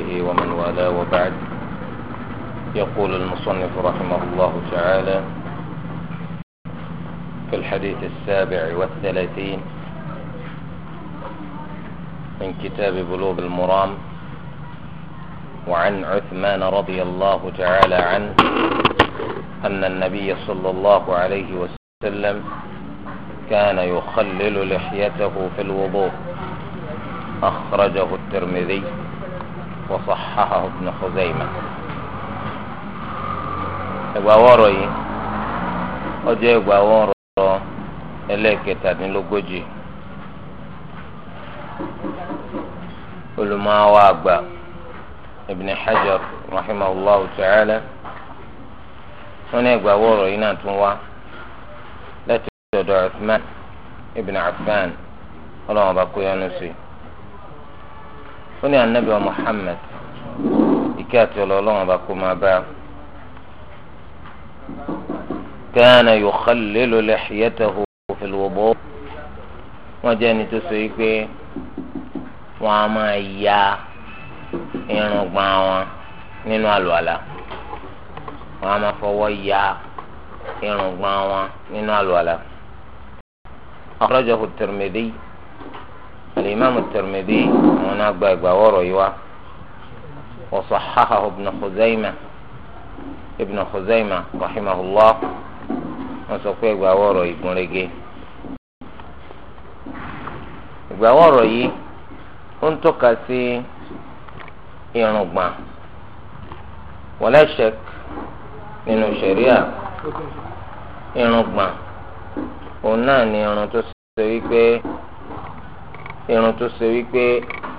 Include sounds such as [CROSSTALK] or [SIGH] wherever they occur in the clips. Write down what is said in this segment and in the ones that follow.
وصحبه ومن والاه وبعد يقول المصنف رحمه الله تعالى في الحديث السابع والثلاثين من كتاب بلوغ المرام وعن عثمان رضي الله تعالى عنه أن النبي صلى الله عليه وسلم كان يخلل لحيته في الوضوء أخرجه الترمذي وصححه ابن خزيمة ìgbàwọ́rọ̀ yìí ó jẹ́ ìgbàwọ́rọ̀ ẹlẹ́ẹ̀kẹtàdínlógójì olùmọ̀wá àgbà ibn hajar rahimahullah ta'ala wọn ní ìgbàwọ́rọ̀ yìí náà tún wá láti ọ̀dọ̀ uthman ibn affan ọlọ́wọ́n bá kó yọnu sí i wọn ní anabi wa muhammad kí àti ọlọ́run ọba kó máa bá a. كان يخلل لحيته في الوضوء wọ́n jẹ́ ẹni tó sọ yìí pé wọ́n á máa ya irùngbọ̀n wọn nínú àlùwàlà wọ́n á máa fọwọ́ ya irùngbọ̀n wọn nínú àlùwàlà. أخرجه الترمذي الإمام الترمذي wọn á gba ìgbà wọ̀rọ̀ yìí wá. وصححه ابن خزيمة ابن خزيمة رحمه الله وسوف يقوى يقول لك ìgbàwọ́ ọ̀rọ̀ yìí ó ń tọ́ka sí ni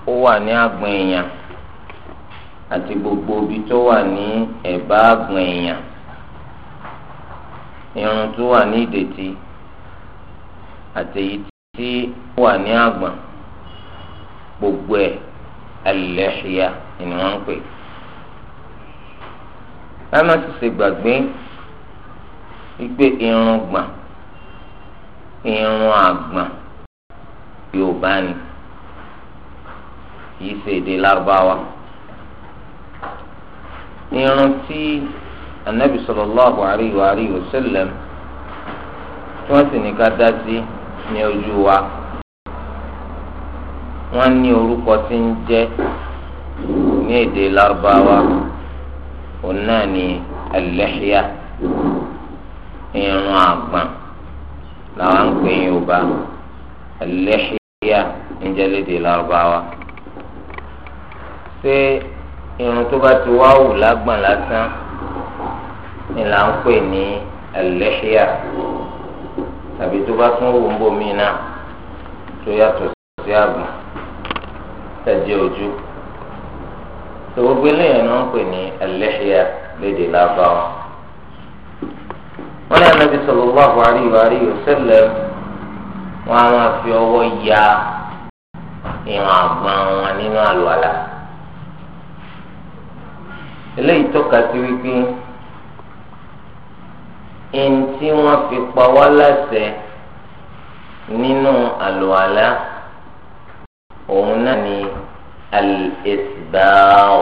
ó wà ní àti gbogbo ibi tó wà ní ẹ̀bá àgùn èèyàn irun tó wà ní ìdètí àti èyí tí ó wà ní àgbọ̀n gbogbo ẹ̀ al-lihya ni wọ́n ń pè. lánàá ti ṣe gbàgbé wípé irun gbọ̀n irun àgbọ̀n Yorùbá ni kì í ṣe èdè lárúbáwá. ní irun tí anabi sallallahu alayhi wa alihi sallam tí wọ́n sì ní ká dá sí ní ojú wa wọ́n ní orúkọ tí ń jẹ́ ní èdè lárúbáwá òun náà irun làwọn ń pè Yorùbá irun tó bá ti wá wù lágbọ̀n lásán ni là tàbí tó bá tún wù ń náà tó yàtọ̀ sí àgbọ̀n tẹ̀jẹ̀ ojú tó gbogbo eléyìí ni wọ́n pè ní ẹlẹ́ṣíà lédè lábáwá. wọ́n ní Ànábì fi ọwọ́ ya wọn nínú eléyìí tọ́ka sí wípé ẹni tí wọ́n fi pa wá láṣẹ nínú àlùwàlá òun náà ni al-isbagh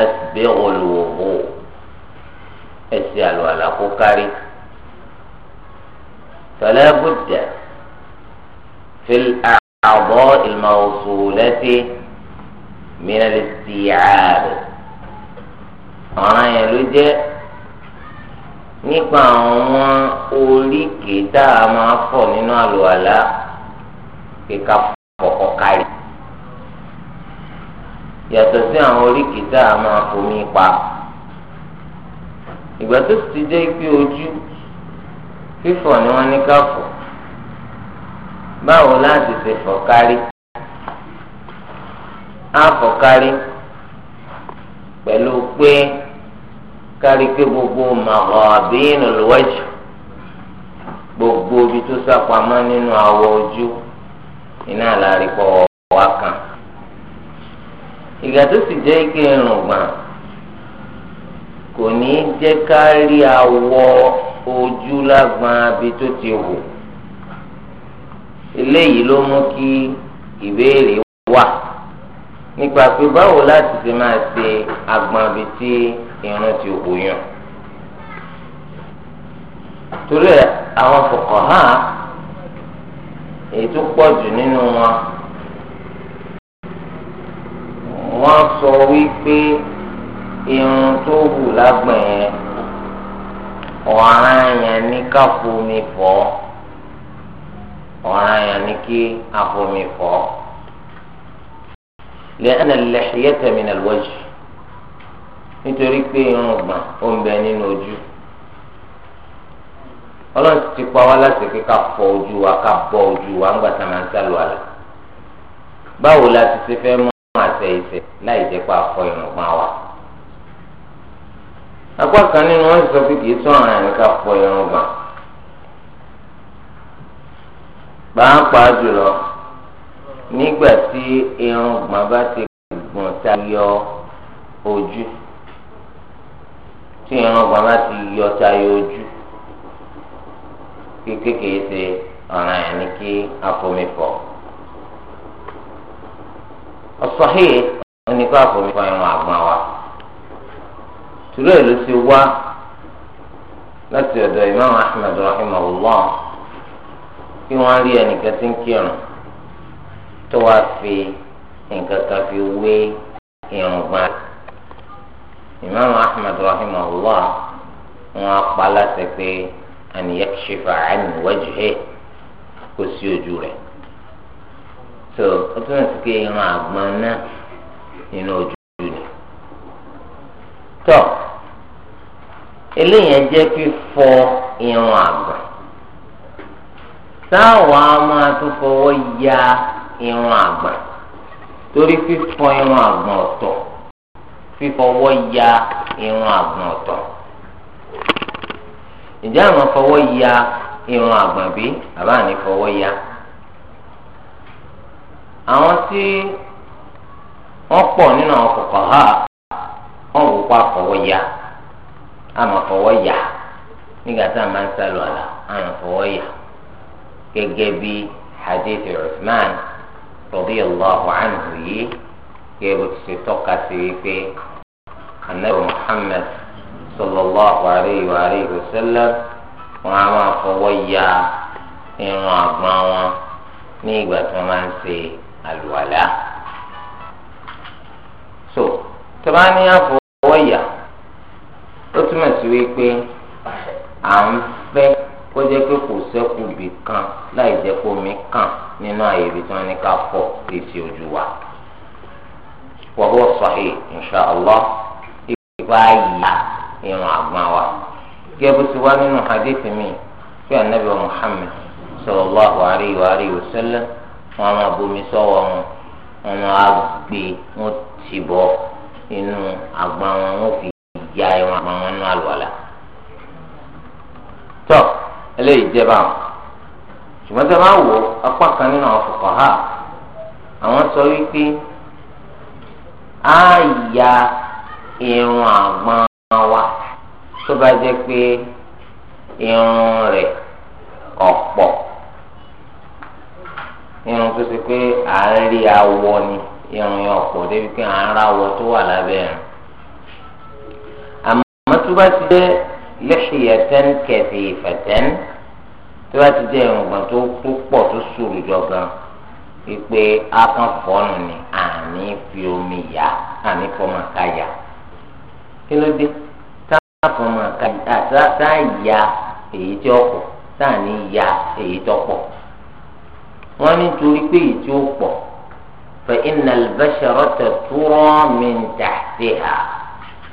asbighu al àlùwàlá kó kárí fala budda fil a'dha'i al-mawsulati mìíràn lè ti ààrẹ ọ̀ràn yẹn ló jẹ́ nípa àwọn oríkèé tá a máa fọ̀ nínú àlùwàlá kíka fọ̀kọ̀ kárí yàtọ̀ sí àwọn oríkèé tá a máa fomi pa ìgbà tó ti jẹ́ pé ojú fífọ̀ ni wọ́n ní ká fọ̀ báwo láti ṣe fọ̀ kárí. àfọ̀kárí pẹ̀lú pé kárí pé gbogbo màgàbínú lọ́jọ́ gbogbo ibi tó sápamọ́ nínú awọ ojú iná àlárìkọ ọ̀wá kan ìgbà tó sì jẹ́ ike irùngbọ̀n kò ní jẹ́ ká awọ ojú lágbọn abi tó ti wò eléyìí ló mú kí ìbéèrè wà. nípa pé báwo láti ṣe máa ṣe agbọ̀nbi tí irun ti hù yàn. torí ẹ àwọn fuqaha èyí tó pọ̀ jù nínú wọn wọ́n sọ wípé irun tó hù lágbọ̀n yẹn ọ̀ràn yẹn ní ká fomi fọ̀ ọ̀ràn yẹn ní kí a fomi fọ̀ لأن اللحية من الوجه nítorí pé irun gbọ̀n ó ọlọ́run ti pa wá láti pé ká fọ ojú wa ká bọ ojú wa ńgbà tá a máa ń sálò àlà báwo la ti fẹ́ àtẹ láì jẹ́ pé a fọ irun gbọ̀n wa apá kan nínú wọn sọ pé kì í tún àwọn fọ irun nígbà tí irun gbọ̀n bá ti gbọ̀n tá yọ ojú tí irun gbọ̀n bá ti yọ tá yọ ojú kékeré ṣe ọ̀ràn kí irun àgbọ̀n wa tùrọ̀ èlò ti wá láti ọ̀dọ̀ Imam Ahmad rahimahullah kí wọ́n rí ẹnìkan tí ń tó wá fi nǹkan kan fi wé irùngbọ̀n rẹ̀ imaamu ahmed rahimahullah wọn apá láti pé àníyàkṣẹfà àníwájúhẹ kó sí ojú rẹ̀ tó o tún sì ké irun àgbọ̀n náà nínú ojú rẹ̀ tó eléyìí jẹ́ fífọ irun àgbọ̀n táwọn a máa ya. irun àgbọ̀n torí fífọ irun àgbọ̀n ọtọ fífọwọ́ ya irun àgbọ̀n ọtọ ìjà àwọn fọwọ́ ya irun àgbọ̀n bí àbá fọwọ́ ya àwọn tí wọ́n pọ̀ nínú àwọn ha wọ́n wò pa fọwọ́ ya àmọ́ fọwọ́ ya nígbà tá a máa ń sálọ àlà àmọ́ fọwọ́ ya gẹ́gẹ́ radiyallahu anhu yìí kí o ti tọ́ka sí wípé anabi muhammed sallallahu alayhi wa alayhi wa sallam wọn a máa fọwọ́ ya irun àgbọ̀n wọn ní ìgbà tí wọ́n máa ń ṣe àlùwàlá. so tó bá ní àfọwọ́ ya ó túmọ̀ sí wípé à ń fẹ́. kọjá pé kò sẹ́kù bì kan láì jẹ́ pé omi kàn nínú àyè ibi tí wọ́n ní ká létí ojú wa. wọ́wọ́ sahih insha Allah ìgbà yà irun wa. gẹ́gẹ́ bó ti wá nínú hadith mi muhammed sallallahu alayhi wa alayhi wa wọn máa bomi sọ́wọ́ wọn wọn máa gbé wọn ti bọ́ inú àgbọ̀n wọn fi ya irun àgbọ̀n wọn eléyìí jẹ́ báwọn ṣùgbọ́n tí a máa wọ apá kan nínú àwọn fuqaha àwọn sọ wípé á ya irun àgbọn wa tó bá jẹ́ pé irun rẹ̀ ọ̀pọ̀ irun tó ṣe pé à awọ ni irun yẹn ọ̀pọ̀ débi pé à ń tó wà lábẹ́ irun àmọ́ tó bá ti jẹ́ lẹ́sìyẹ̀tẹ́n kẹ̀sì ìfẹ̀tẹ́n tí wọ́n ti jẹ́ ìrùngbọ̀n tó tó pọ̀ tó sòrò jọ gan wípé akànfọ́nù ni àní fi omi yá àní fọmọ ká yá kí ló dé táfọmọ ká yá tá yá èyí tí ó pọ̀ tá ní yá èyí tó pọ̀ wọ́n ní torí pé èyí tí ó pọ̀ fa inna al-basharata tura min tahtiha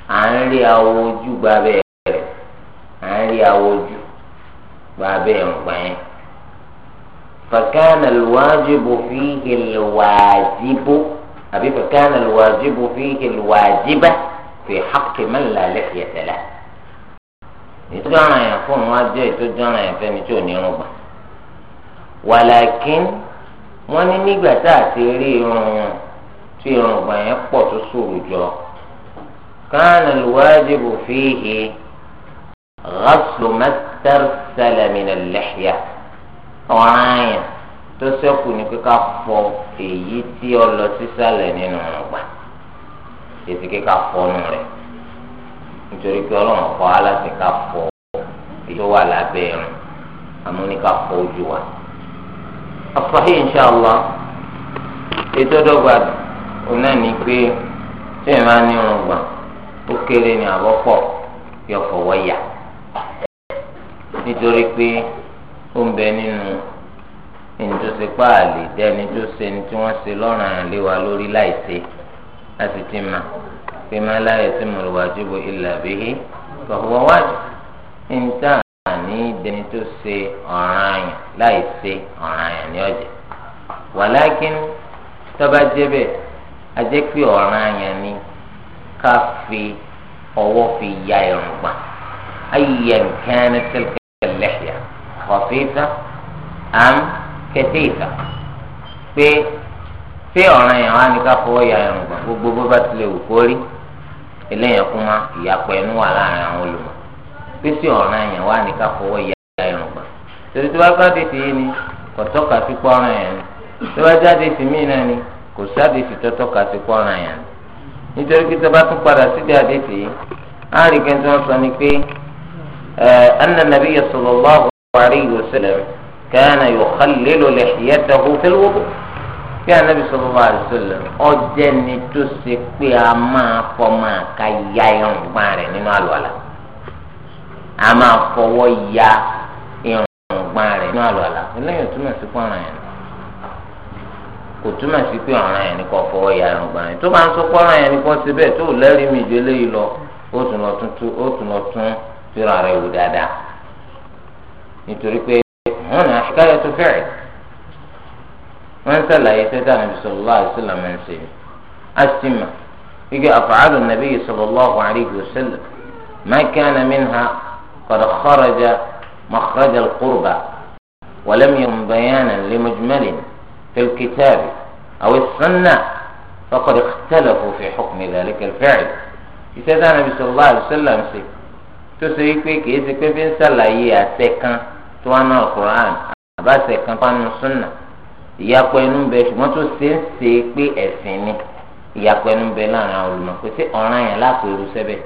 à ń rí àwọn ojú gbàbẹ́ rẹ̀ à ń rí àwọn ojú. بابي مقبعين فكان الواجب فيه الواجب أبي فكان الواجب فيه الواجبة في حق من لا لحية له يتجانا يكون واجب يتجانا يفهم يتجانا يربع ولكن wọ́n ní nígbà tá a ti rí irun wọn tí irun gbà yẹn pọ̀ tó sòrò jọ كان الواجب فيه غسل مس tẹ́rẹ̀sẹ̀lẹ̀ mi lẹ̀ lẹ́yà ọ̀ràn àyàn tó sẹ́kù ní fọ èyí tí ọ lọ sísàlẹ̀ nínú ọgbà èsì kíkà fọnù rẹ̀ nítorí pé ọlọ́run kọ́ aláṣẹ ká fọ èyí tó wà lábẹ́ ẹ̀rùn amúníkà fọ ojú wa. afahí inṣàlá ètò ọdọgba òun náà pé tí ẹ máa gbà ó nítorí pé ó ń bẹ nínú ìtòsí páàlì dẹni tó ṣe ni tí wọ́n ṣe lọ́rùn àlè wa lórí láìsí láti ti mà pé má láyé tí mo lè wájú bo ilà bíi kọ̀wọ́ wájú níta ní dẹni tó ṣe ọ̀ràn àyàn láìsí ọ̀ràn àyàn ní ọ̀jẹ̀ wàlákin tọ́ba jẹ́bẹ̀ ajẹ́ pé ọ̀ràn àyàn ni ká fi ọwọ́ fi ya ẹ̀rùn gbà ayé nǹkan ẹni tẹ́lẹ̀ khafifa am katifa pé pé ọ̀ràn yẹn wá ní ká fọwọ́ ya irun gbà gbogbo bó bá tilẹ̀ wù kó rí eléyàn kún mọ́ ìyapọ̀ ẹnu wà láàrin àwọn olùmọ̀ pé sí ọ̀ràn yẹn wá ní ká fọwọ́ ya irun gbà torí tí wọ́n bá dé ti yé ni kò tọ́ka sí pọ́nrán yẹn ni tí wọ́n jáde sí mí náà ni kò sáde sí tọ́tọ́ka sí pọ́nrán yẹn ni nítorí pé tí bá tún padà síbi àdé sí yìí á rí kẹ́ńtì wọn sọ ni pé anna nabiyya sallallahu عليه وسلم كان يخلل لحيته في الوضوء bí anabi sọlọ bá rẹ sọlọ ọjẹ ni tó ṣe pé a máa fọ máa ka ya irùngbọ̀n rẹ̀ nínú àlùwàlà a máa fọwọ́ ya irùngbọ̀n rẹ̀ nínú àlùwàlà eléyìí túmọ̀ sí pé ọ̀ràn yẹn kò túmọ̀ sí pé ọ̀ràn yẹn ni kò fọwọ́ ya irùngbọ̀n rẹ̀ tó bá ń sọ pé ọ̀ràn yẹn ni kò ṣe bẹ́ẹ̀ tó lẹ́rìí mi ju eléyìí lọ ó tún lọ tún ó tún lọ tún fíra rẹ̀ wò dáadáa. nítorí pé wọn náà àṣìkáyọ̀ tó fẹ̀rẹ̀ wọn sàlàyé tẹ́tà nàbì sallallahu alaihi wasallam ń ṣe àṣìmà ike àfààlù nàbì sallallahu alaihi wasallam ma kana minha qad kharaja makhraj al-qurba ولم يكن بيانا لمجمل في الكتاب أو السنة فقد اختلفوا في حكم ذلك الفعل ìṣẹ́dá nàbì sallallahu alaihi wasallam ṣe tó ṣe wípé kìí ṣe pé fi ń ṣàlàyé àṣẹ kan tó wá náà Quran àbáṣe kan súnà ìyapọ̀ ẹnu bẹ ṣùgbọ́n tó ṣe é ṣe pé ẹ̀sìn ni ìyapọ̀ ẹnu bẹ láàrin àwọn olùmọ̀ pé sí ọ̀ràn sẹ́bẹ̀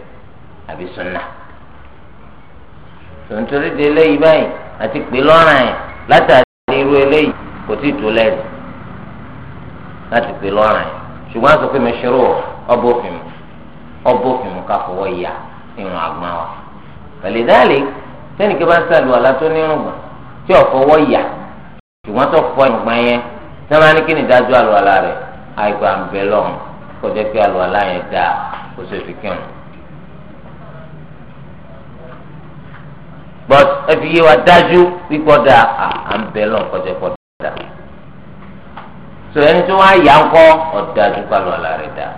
eléyìí báyìí àti pé lọ́ràn yẹn látàrí irú eléyìí kò tí ì tó láti lọ́ràn yẹn ṣùgbọ́n pé wa sẹ́nìkẹ́ bá ń sàlùwàlá tó ní irùngbọ̀n tí ọ̀fọwọ́ yà ṣùgbọ́n tó fọ irùngbọ̀n yẹn tí wọ́n bá ní kí ni dájú àlùwàlá rẹ̀ àìgbà ń bẹ lọ́hùn kọjá pé àlùwàlá yẹn dáa kó ṣe fi kírun. but ẹ fi yé wa dájú pípọ́ da à ń bẹ lọ́hùn kọjá pọ̀ dáa. sọ ẹni tó wá yà ń kọ́ ọ̀dájú pàlùwàlá rẹ̀ dáa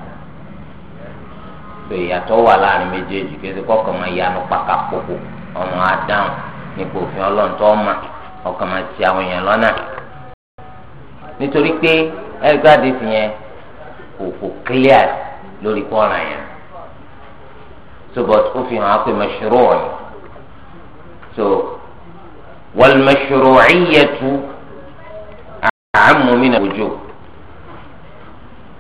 so ìyàtọ̀ wà láàrin méjèèjì kéde kọ́kàn máa yanu pàkà kókó ọmọ adáhùn nípa òfin ọlọ́run tó ọmọ ọkàn máa ti àwọn èèyàn lọ́nà nítorí pé ẹgbàdì fi yẹn kò kò clear lórí kọ́ọ̀ràn yẹn so but ó fi hàn á pé mẹ́ṣúrọ̀ ọ̀nì so wal mashru'iyyatu a'ammu min al-wujub.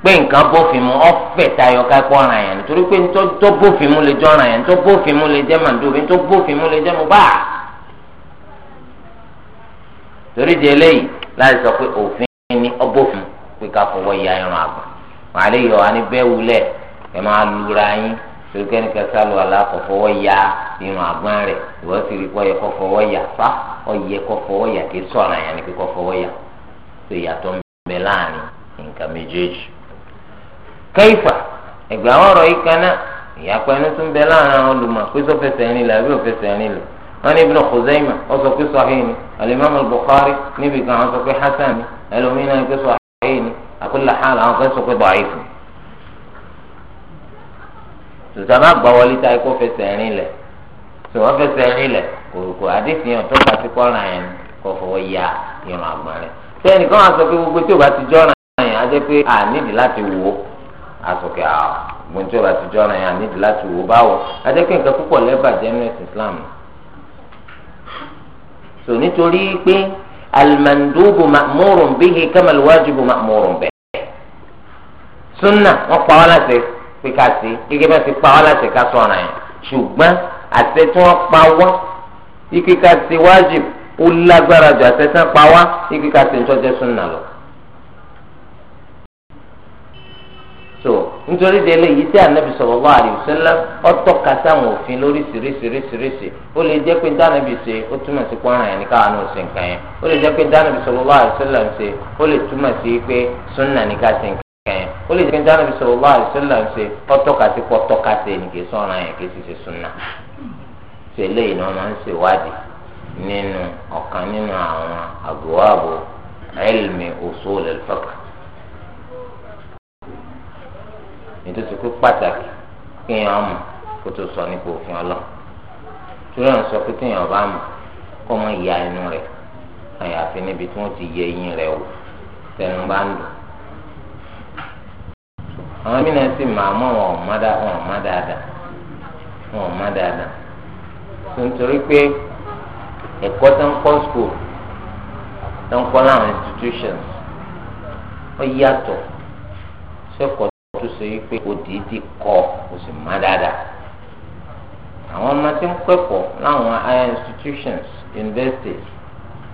pé nǹkan bófin mu ọ̀fẹ́ tayọ kápọ ara yẹn nítorí pé tó bófin mu lè jọ ara yẹn tó bófin mu lè jẹ màdùbí tó bófin mu lè jẹ mo bá torí di eléyìí láti sọ pé òfin ni ọbófin pé ká fọwọ́ ya irun àgbà wàá lè yọ wani wulẹ̀ ẹ máa lura yín torí kẹ́ni àlá fọwọ́ ya àgbà rẹ̀ sì fọwọ́ ya fa kọ́ fọwọ́ kọ́ fọwọ́ ya tó kẹ́yìfà ẹ̀gbẹ́ àwọn ọ̀rọ̀ yìí kan náà ìyàpẹ́ inú tún bẹ láàrin àwọn olùmọ̀ pé sọ fẹsẹ̀ rìn àbí òfẹsẹ̀ rìn lẹ̀ wọ́n ní Ibn Khuzaimah ó sọ pé sahih ni al-Imam níbi kan àwọn sọ hasan ni ẹlòmínà ni pé sahih ni àkúlà àwọn ikú tí kòkò tó bá ti kọ́ra yẹn ya asòkè àwọn ah, gbòǹtì ọ̀rọ̀ àtijọ́ ọ̀rọ̀ yẹn àníjì láti wò báwo adékè nǹkan púpọ̀ lẹ́bàjẹ́ nínú ẹ̀sìn Islam so nítorí pé alimandubu ma'murun bihi kamal wajibu ma'murun bẹ́ẹ̀ sunna wọn pa wá láti pé ká sí gẹ́gẹ́ bá ti pa wá láti ká sọ̀rọ̀ yẹn ṣùgbọ́n àṣẹ tí wọ́n pa wá ikú ká sí wájib ó lágbára ju àṣẹ tí wọ́n pa wá ikú ká sí ń tọ́jú sunna lọ. so nítorí délé yìí tí anabi sallallahu alaihi wasallam ọtọ kàtàwọn òfin lórí ó lè jẹ pé dánàbì ṣe ó túmọ̀ sí pọ́nrán o ní káwọn ṣe nǹkan yẹn ó lè jẹ pé dánàbì sallallahu alaihi wasallam ṣe ó lè túmọ̀ sí pé súnà ní ṣe nǹkan yẹn ó lè jẹ pé dánàbì sallallahu alaihi ṣe pọ̀ nítorí kó pàtàkì kéèyàn mọ̀ kó tó sọ nípa òfin ọlọ́run torí àwọn sọ pé téèyàn bá mọ̀ kó mọ ìyá inú rẹ̀ àyàfi níbi tí wọ́n ti yẹ eyín rẹ̀ wò tẹnu bá ń dùn. àwọn mìíràn sì máa mọ̀ wọn ò má dáadáa wọn ò má dáadáa tó nítorí pé ẹ̀kọ́ tó ń kọ́ school tó ń kọ́ láwọn institutions ó yàtọ̀ sẹ́kọ̀ọ́ ṣe wípé òdì ti kọ kò sì má dáadáa àwọn ọmọ tí ń kẹ́kọ̀ọ́ láwọn higher institutions universities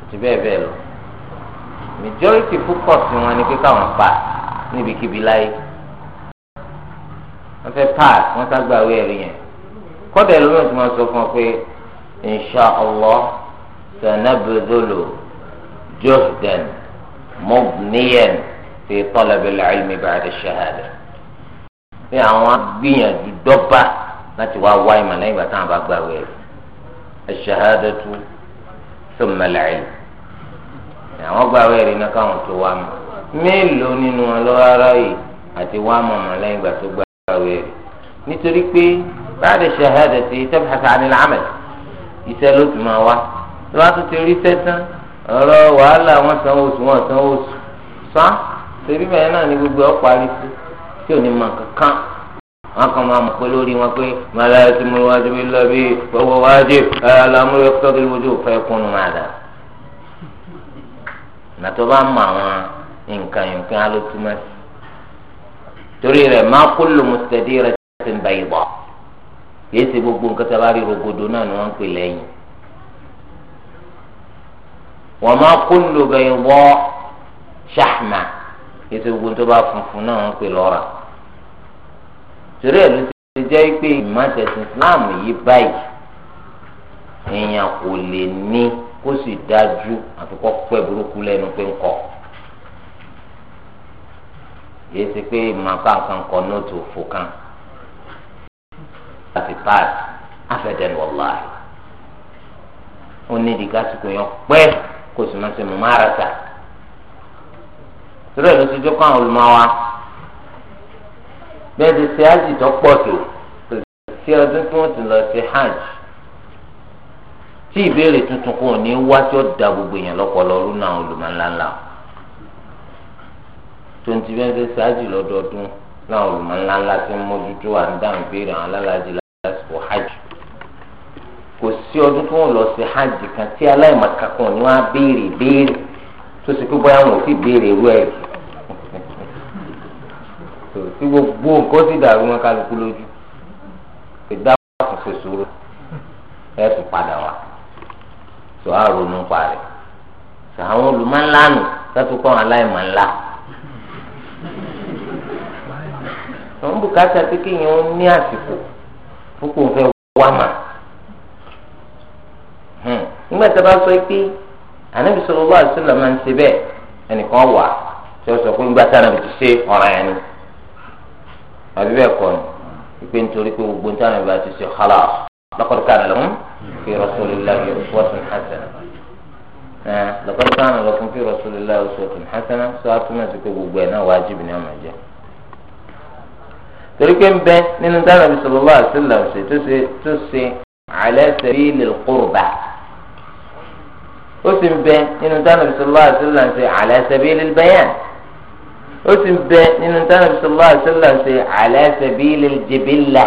àti bẹ́ẹ̀ bẹ́ẹ̀ lọ majority focus wọn ni pé káwọn pa níbikíbi láyé wọ́n fẹ́ pass wọ́n ságbàwé ẹ̀rí yẹn kọ́dà ẹlòmíràn tí wọ́n sọ fún ọ pé insha allah sanabdulu juhdan fi talab al-ilmi ba'da shahada pé àwọn gbìyànjú dọ́bà láti wá wá ìmọ̀ lẹ́yìn ìgbà táwọn bá gbà wẹ̀ aṣ-ṣahādatu thumma al-'ilm àwọn gbà wẹ̀ rí náà káwọn tó wá mọ̀ mélòó nínú wọn lọ́wọ́ ara yìí àti wá mọ̀ mọ̀ lẹ́yìn ìgbà tó gbà wẹ̀ rí nítorí pé ba'da aṣ-ṣahādati tabḥathu 'an al iṣẹ́ ló ti máa wá lọ́wọ́ tó ti rí sẹ́tán ọ̀rọ̀ wàhálà wọn sanwó oṣù wọn sanwó oṣù sá torí bẹ́ẹ̀ náà ni gbogbo ọ̀ tí ò ní mọ kankan wọn kàn máa mọ pé lórí wọn pé màláyà tí mo wájú mi lọ bí gbogbo wájú alámúlò tọ́kì lójú fẹ́ kúnnú máa dà nàtọ́ bá mọ àwọn nǹkan nǹkan alótúmọ̀ sí torí rẹ̀ má kullu mustadiratin bayda kìí ṣe gbogbo nǹkan tí rí rogodo náà ni wọ́n ń pè lẹ́yìn wa ma kullu bayda shahma kìí ṣe gbogbo nǹkan tó bá funfun náà wọ́n ń pè lọ́ra torí ẹ̀ ló ti jẹ́ pé ìmọ̀tẹ̀sìn Islam yìí báyìí èèyàn kò lè ní kó sì dájú àti kọ́ pẹ́ burúkú lẹ́nu pé ń kọ́ yìí ti pé ìmọ̀ká kan kọ nóòtù òfò kan láti paasi afẹ́dẹ́nu wàláhì ó ní ìdíkà sìkò yẹn pẹ́ kó sì máa ṣe mọ́ máa ta torí ẹ̀ ló ti jẹ́ kó àwọn olùmọ̀ wa. bẹ́ẹ̀ ti ṣe hajj tó pọ̀ tó sí ọdún tí wọ́n ti lọ ṣe hajj tí ìbéèrè tuntun kò ní wá tí ó gbogbo èèyàn lọ́pọlọ ọdún náà olùmọ̀ńláńlá tó ń ti ṣe ṣe lọ́dọọdún náà ti ń mójútó à ń hajj kò sí ọdún tí wọ́n lọ hajj kan tí aláìmọ̀kàkùn ni wọ́n á béèrè béèrè tó ṣe pé wọn ò tí gbogbo nǹkan ti dàrú wọn kálukú lójú ìdáwọ́ àtúnṣe sòrò ẹ ti padà wá tó a ronú parẹ́ sàwọn olùmọ̀ńlánù sátú kọ́ àwọn aláìmọ̀ ńlá àwọn bùkátà tí kéèyàn ní àsìkò púpọ̀ fẹ́ wá mà hmm. nígbà tí a bá sọ pé ànábì sọ̀rọ̀ bá àṣìlò máa ń ṣe bẹ́ẹ̀ ẹnìkan wà tí ó sọ pé ńgbà tí ànábì ti ṣe ọ̀ràn yẹn àbí bẹ́ẹ̀ kọ́ ni ìpè nítorí pé gbogbo nítorí àná ìbára ti ṣe xalá laqad kana lahum fi rasulillahi uswatun hasana laqad kana lahum fi rasulillahi uswatun hasana sọ àtúmọ̀ sí pé gbogbo ẹ̀ náà wájibì ní ọmọ jẹ́ torí pé ń bẹ nínú dáná bí sọlọ́lá àti wasallam tó ṣe alẹ́ ala sabilil qurba ó sì ń bẹ nínú dáná bí sallallahu alaihi wasallam ala sabilil bẹ́yàn. ó sì bẹ nínú tánà bisalòlá àṣẹlá ṣe ala sabilil jibilla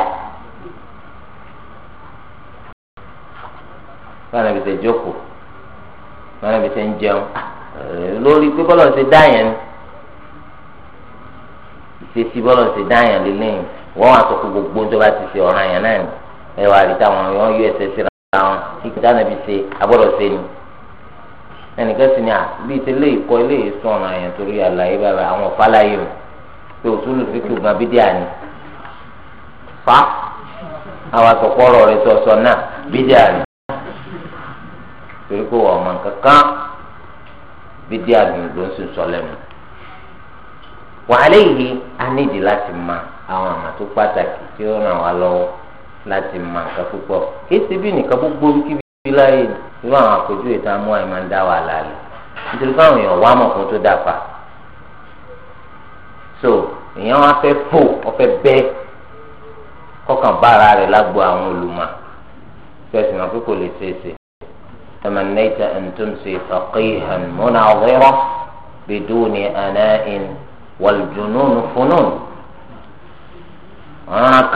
tánà bisẹ jókòó tánà bisẹ ń jẹun lórí pé bọ́lá ṣe dáyẹn ìṣesí bọ́lá ṣe dáyẹn lélẹ́yìn wọ́n wá sọ pé gbogbo tó bá ti ṣe ọ̀ràn yẹn náà ni ẹ wá rí táwọn yọ ẹsẹ̀ síra wọn kí tánà bisẹ abọ́dọ̀ ṣe ni. ẹnìkan sì ni à bí tẹlẹ ìkọ ilé ìsọ̀rọ̀ àyàn torí àlàyé bàbá àwọn ọ̀fàlàyé o pé òtúlù fíkì gan ni fa àwọn àtọ̀kọ́rọ̀ rẹ̀ sọ̀sọ̀ náà bídíà ni torí pé wọ́n mọ̀ kankan bídíà ni ló ń sùn sọ lẹ́nu wàhálẹ́ yìí a láti ma àwọn àmà tó pàtàkì tí ó ràn wá lọ́wọ́ láti ma nǹkan púpọ̀ kí ebi nìkan gbogbo kíbi láyé ni. irú àwọn àpèjúwe tá a mú àyè máa ń dá wàhálà rẹ̀ nítorí káwọn èèyàn wá mọ̀kún tó dà pa so èèyàn wá fẹ́ fò ọ̀fẹ́ bẹ́ kọ́kàn bára rẹ̀ lágbo àwọn olùmọ̀ fẹsẹ̀ náà pé kò lè ṣe é ṣe. تمنيت أن تمسي فقيها مناظرة بدون أناء والجنون فنون هناك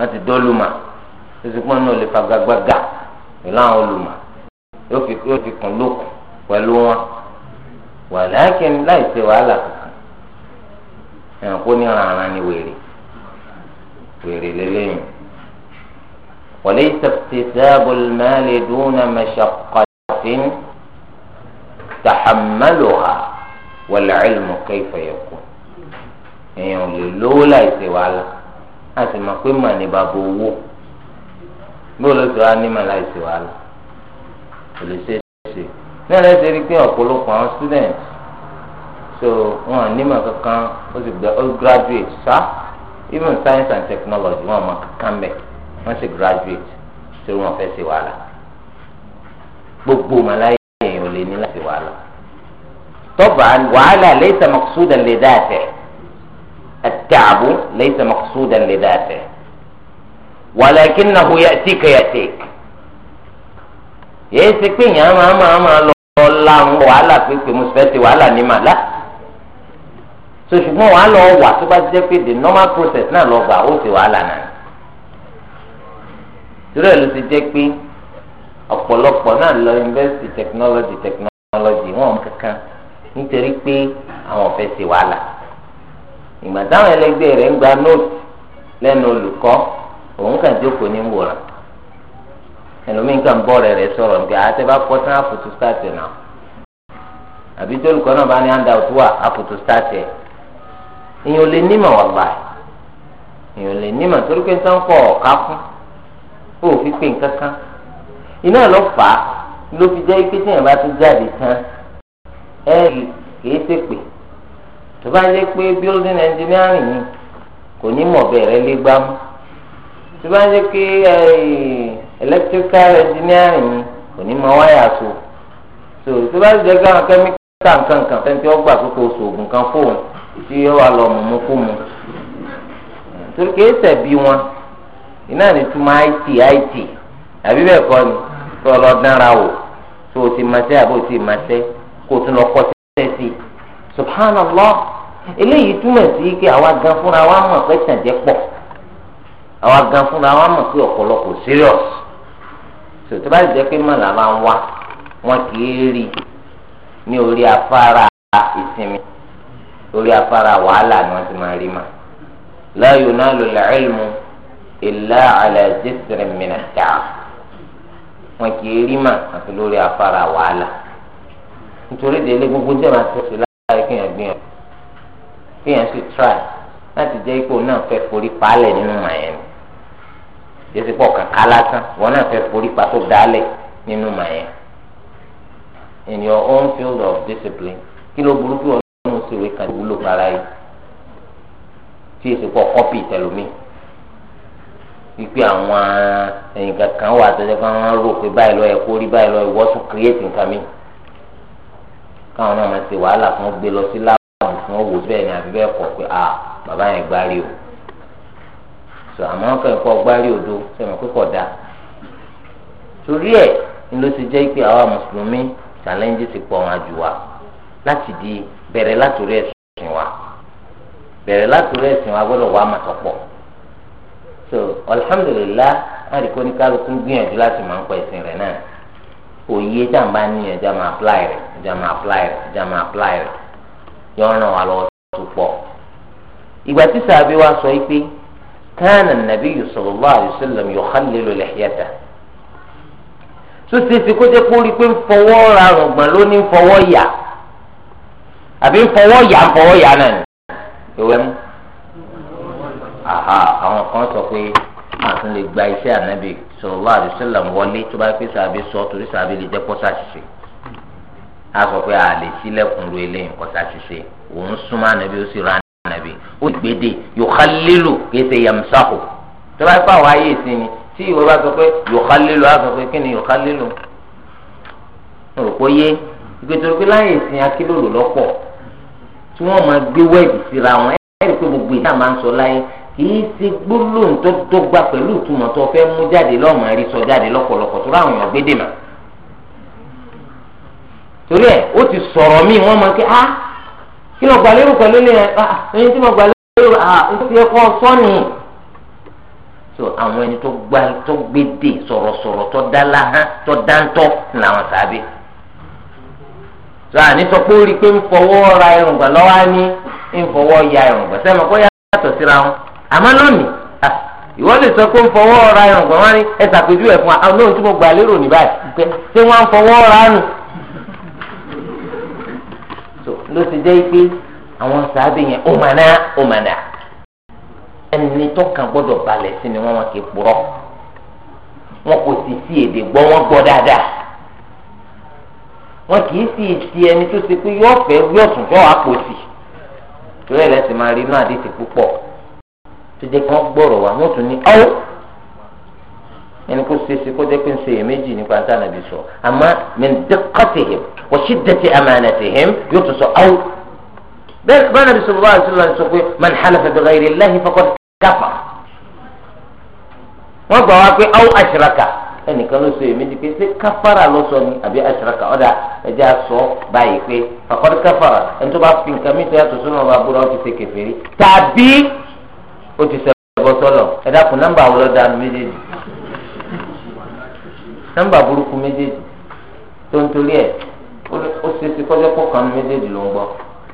أنت دولما تسيبون لفقاقبقا إلا علوما yóò fi yóò fi kùn lókù pẹ̀lú wọn wàlákin láì ṣe wàhálà kankan ẹ̀hàn kó ní ràrà ni ara ni wèrè lélẹ́yìn wọlé ìtẹ̀síṣẹ́bù mẹ́lẹ̀ dúnà mẹ́ṣàkọ́tìn tàhámẹ́lòhà wọlé ẹ̀lmù kẹfẹ́ yẹ̀kọ́ èèyàn ò lè lówó láì ṣe wàhálà láti mọ̀ pé màní bàbá owó bó ló ti wá ní màláì ṣe wàhálà. kò lè ṣe é ṣe náà pé ọ̀pọ̀lọpọ̀ àwọn student so wọn à nímọ̀ kankan ó sì gba ó graduate ṣá even science and technology wọn àmọ́ kankan mẹ́ wọ́n sì graduate tí wọ́n fẹ́ ṣe wàhálà gbogbo màláyé èèyàn ò lè ní láti wàhálà tọ́ba wàhálà laysa maqsudan li dhatihi التعب ليس مقصودا لذاته ولكنه يأتيك يأتيك yéé ṣe pé èèyàn máa máa máa lọ láwọn wàhálà pípé mo wàhálà ní màlá so ṣùgbọ́n wàhálà ọ̀wà tó bá jẹ́ pé the normal process náà lọ gbà ó ṣe wàhálà náà torí ẹ̀ ló ti jẹ́ pé ọ̀pọ̀lọpọ̀ náà lọ yunifásitì technology technology wọn kankan nítorí pé àwọn fẹ́ ṣe wàhálà ìgbà táwọn ẹlẹgbẹ́ rẹ̀ ń gba nóòtù lẹ́nu olùkọ́ òun kàn jókòó ní wòran ẹlòmíín kan bọ́ rẹ̀ rẹ̀ sọ̀rọ̀ nígbà àti bá kọ́ tán àfòtú sítáàtì náà àbí tó olùkọ́ náà bá ní àǹdà òtú wà àfòtú sítáàtì ẹ̀ ìyẹn ò lè nímọ̀ wà bá ìyẹn ò lè nímọ̀ torí pé nǹkan pọ̀ ọ̀ká fún ó fi pé nǹkan iná lọ fà á ló fi jẹ́ pé tíyẹn bá tún jáde tán ẹ̀ kìí ṣe pé tó bá jẹ́ pé building engineering ni kò ní mọ̀ bẹ̀rẹ̀ lé gbámú tó bá jẹ́ pé electrical engineering ni kò ní mọ wáyà so so tó bá jẹ́ káwọn kẹ́míkà nǹkan kan tẹ́ntẹ́ ọgbà kókó oṣoògùn kan fóun tí yóò wá lọ mọ̀mọ́ kó mu torí kìí sẹ̀bi wọn iná ní túmọ̀ it it àbí bẹ́ẹ̀ kọ́ ni tó lọ dára wò tó o ti máa ṣe àbí o ti máa ṣe kó o tún lọ kọ́ sẹ́sẹ́ sí subhanallah eléyìí túmọ̀ sí pé àwa gan fúnra wa mọ̀ pé tàn jẹ́ pọ̀ àwa gan fúnra wa mọ̀ pé ọ̀pọ̀lọpọ̀ serious sòtò bá jẹ́ pé mọ̀lá máa ń wá wọn kì í rí ní orí afárá ìsinmi orí afárá wàhálà ni wọ́n ti máa rí ma. la yunalu al-ilmu illa ala jisrin min as-sa'a wọn kì í rí ma àti lórí afárá wàhálà nítorí délé gbogbo jẹ́ máa tẹ̀sí láàyè kéèyàn gbìyànjú kéèyàn sì tíráì láti jẹ́ ipò náà fẹ́ forí paálẹ̀ nínú màá yẹn ni yẹsi pọ̀ kàkà lásán wọn náà fẹ́ forí pa tó nínú mà in your own field of discipline kí ló burú kí wọn náà sì wé kan wúlò para yìí tí yẹsi pọ̀ kọ́pì tẹlomi wípé àwọn ẹ̀yìn kankan wà tó jẹ́ pé wọ́n rò pé báyìí lọ́ọ́ yẹ kó rí báyìí lọ́ọ́ yẹ wọ́n tún create nǹkan mi káwọn náà máa ṣe wàhálà fún gbé lọ sí láàbù fún owó bẹ́ẹ̀ ni àbí bẹ́ẹ̀ kọ̀ pé ah bàbá yẹn gbárí o sọ àmọ́ kẹ́kọ̀ọ́ gbárí odò sẹ́wọ̀n kíkọ̀ dá torí ẹ̀ ni ló ti jẹ́ pé àwa mùsùlùmí challenge ti pọ̀ wọn jù wa láti di bẹ̀rẹ̀ látòrí ẹ̀sìn wa bẹ̀rẹ̀ látòrí ẹ̀sìn wa gbọ́dọ̀ wà má tọ́pọ̀ so alhamdulillah àdìkò ní kálukú gbìyànjú láti máa ń pọ̀ ẹ̀sìn rẹ̀ náà òye tá à ń bá ní ẹja máa apply rẹ̀ ẹja máa apply rẹ̀ ẹja máa apply rẹ̀ yọ ọ́n ràn lọ́wọ́ tó pọ̀ ìgbà tí sàbí wa sọ yìí pé. كان النبي صلى الله عليه وسلم يخلل لحيته tó ṣe fi kó jẹ́ kó rí i pé ń fọwọ́ ra rọ̀gbọ̀n ló ní ń fọwọ́ yà àbí ń fọwọ́ yà ń fọwọ́ yà náà ni. ìwé mu àwọn kan sọ pé àtún lè gba iṣẹ́ ànábì sallallahu alaihi wasallam wọlé tó bá pèsè àbí sọ torí sàbí lè jẹ́ pọ́sà ṣiṣẹ́ a sọ pé a lè sílẹ̀kùn ru eléyìí pọ́sà ṣiṣẹ́ òun súnmọ́ ànábì ó sì ra ànábì ó gbèdé yòókàlélò kése yamsahu tó bá fà wá ayé ìsinmi tí ìwé bá sọ pé yòókàlélò á sọ pé kí ni yòókàlélò mo rò pé yé ìgbésẹ̀ pé láyé ìsìn akílòlò lọ́pọ̀ tí wọ́n máa gbé wẹ́ẹ̀dì síra wọn ẹ̀rí pé gbogbo ìdá máa ń sọ láyé kìí ṣe gbólóhùn tó dọ́gba pẹ̀lú ìtumọ̀ tó fẹ́ mú jáde lọ́mọ rí sọ jáde lọ́pọ̀lọpọ̀ tó ráwọn èèyàn gbédè mà. torí ẹ ó ti sọ̀rọ̀ míì wọ́n máa ń ké á ah, kí lọ gbàlérò pẹ̀lú ilé ẹ̀ ah, ah, ẹ̀yin tí mo gbàlérò à ah, ń fi ẹ̀kọ́ sọ́ni. so àwọn ẹni tó gbá tó gbédè sọ̀rọ̀sọ̀rọ̀ tó dá láhán tó dáńtọ́ làwọn sábẹ́. so àní sọ pé ó rí i pé ń fọwọ́ ra irùngbọ̀n lọ́wọ́ á ní ń fọwọ́ ya irùngbọ̀n sẹ́mi kó yàtọ̀ síra wọn àmọ́ lónìí ìwọ lè sọ pé ń fọwọ́ ra irùngbọ̀n wọn ní ẹ ṣàpèjúwe fún wa àwọn ohun tí mo gbàlérò ní báyìí pé ló ti jẹ́ pé àwọn sàábì yẹn ọmọnà ọmọnà ẹni tó kàn gbọ́dọ̀ balẹ̀ sí ni wọ́n wọn kì í purọ́ wọn kò sì sí èdè gbọ́ wọn gbọ́ dáadáa wọn kì í sì ti ẹni tó ṣe pé yóò fẹ́ yóò sùn fẹ́ wàá pòsì torí ẹ̀ lẹ́sìn máa rí inú àdìsí púpọ̀ tó jẹ́ kí wọ́n gbọ́rọ̀ wá wọ́n tún ní ọ́ ẹni kó ṣeéṣe kó jẹ́ pé ń ṣe èméjì nípa tá ànàbì sọ àmọ́ min diqqatihim wa shiddati amanatihim yóò tún sọ áwù. bẹ́ẹ̀ bá ànàbì sallallahu alaihi wasallam sọ pé man halafa bi ghayri Allahi faqad kafar. wọ́n gbà wá pé áwù ashraka ẹnìkan ló sọ èméjì pé ṣé káfàrà ló sọ ni àbí ashraka ọ̀dà ẹ̀jẹ̀ àsọ báyìí pé faqad kafara ẹni tó bá fi nǹkan mi tó yàtọ̀ sọ́nà ọba àbúrò ó ti nọ́mbà burúkú méjèèjì tó ń torí ẹ̀ ó ṣe ti kọjá pọ̀ kan méjèèjì ló ń gbọ́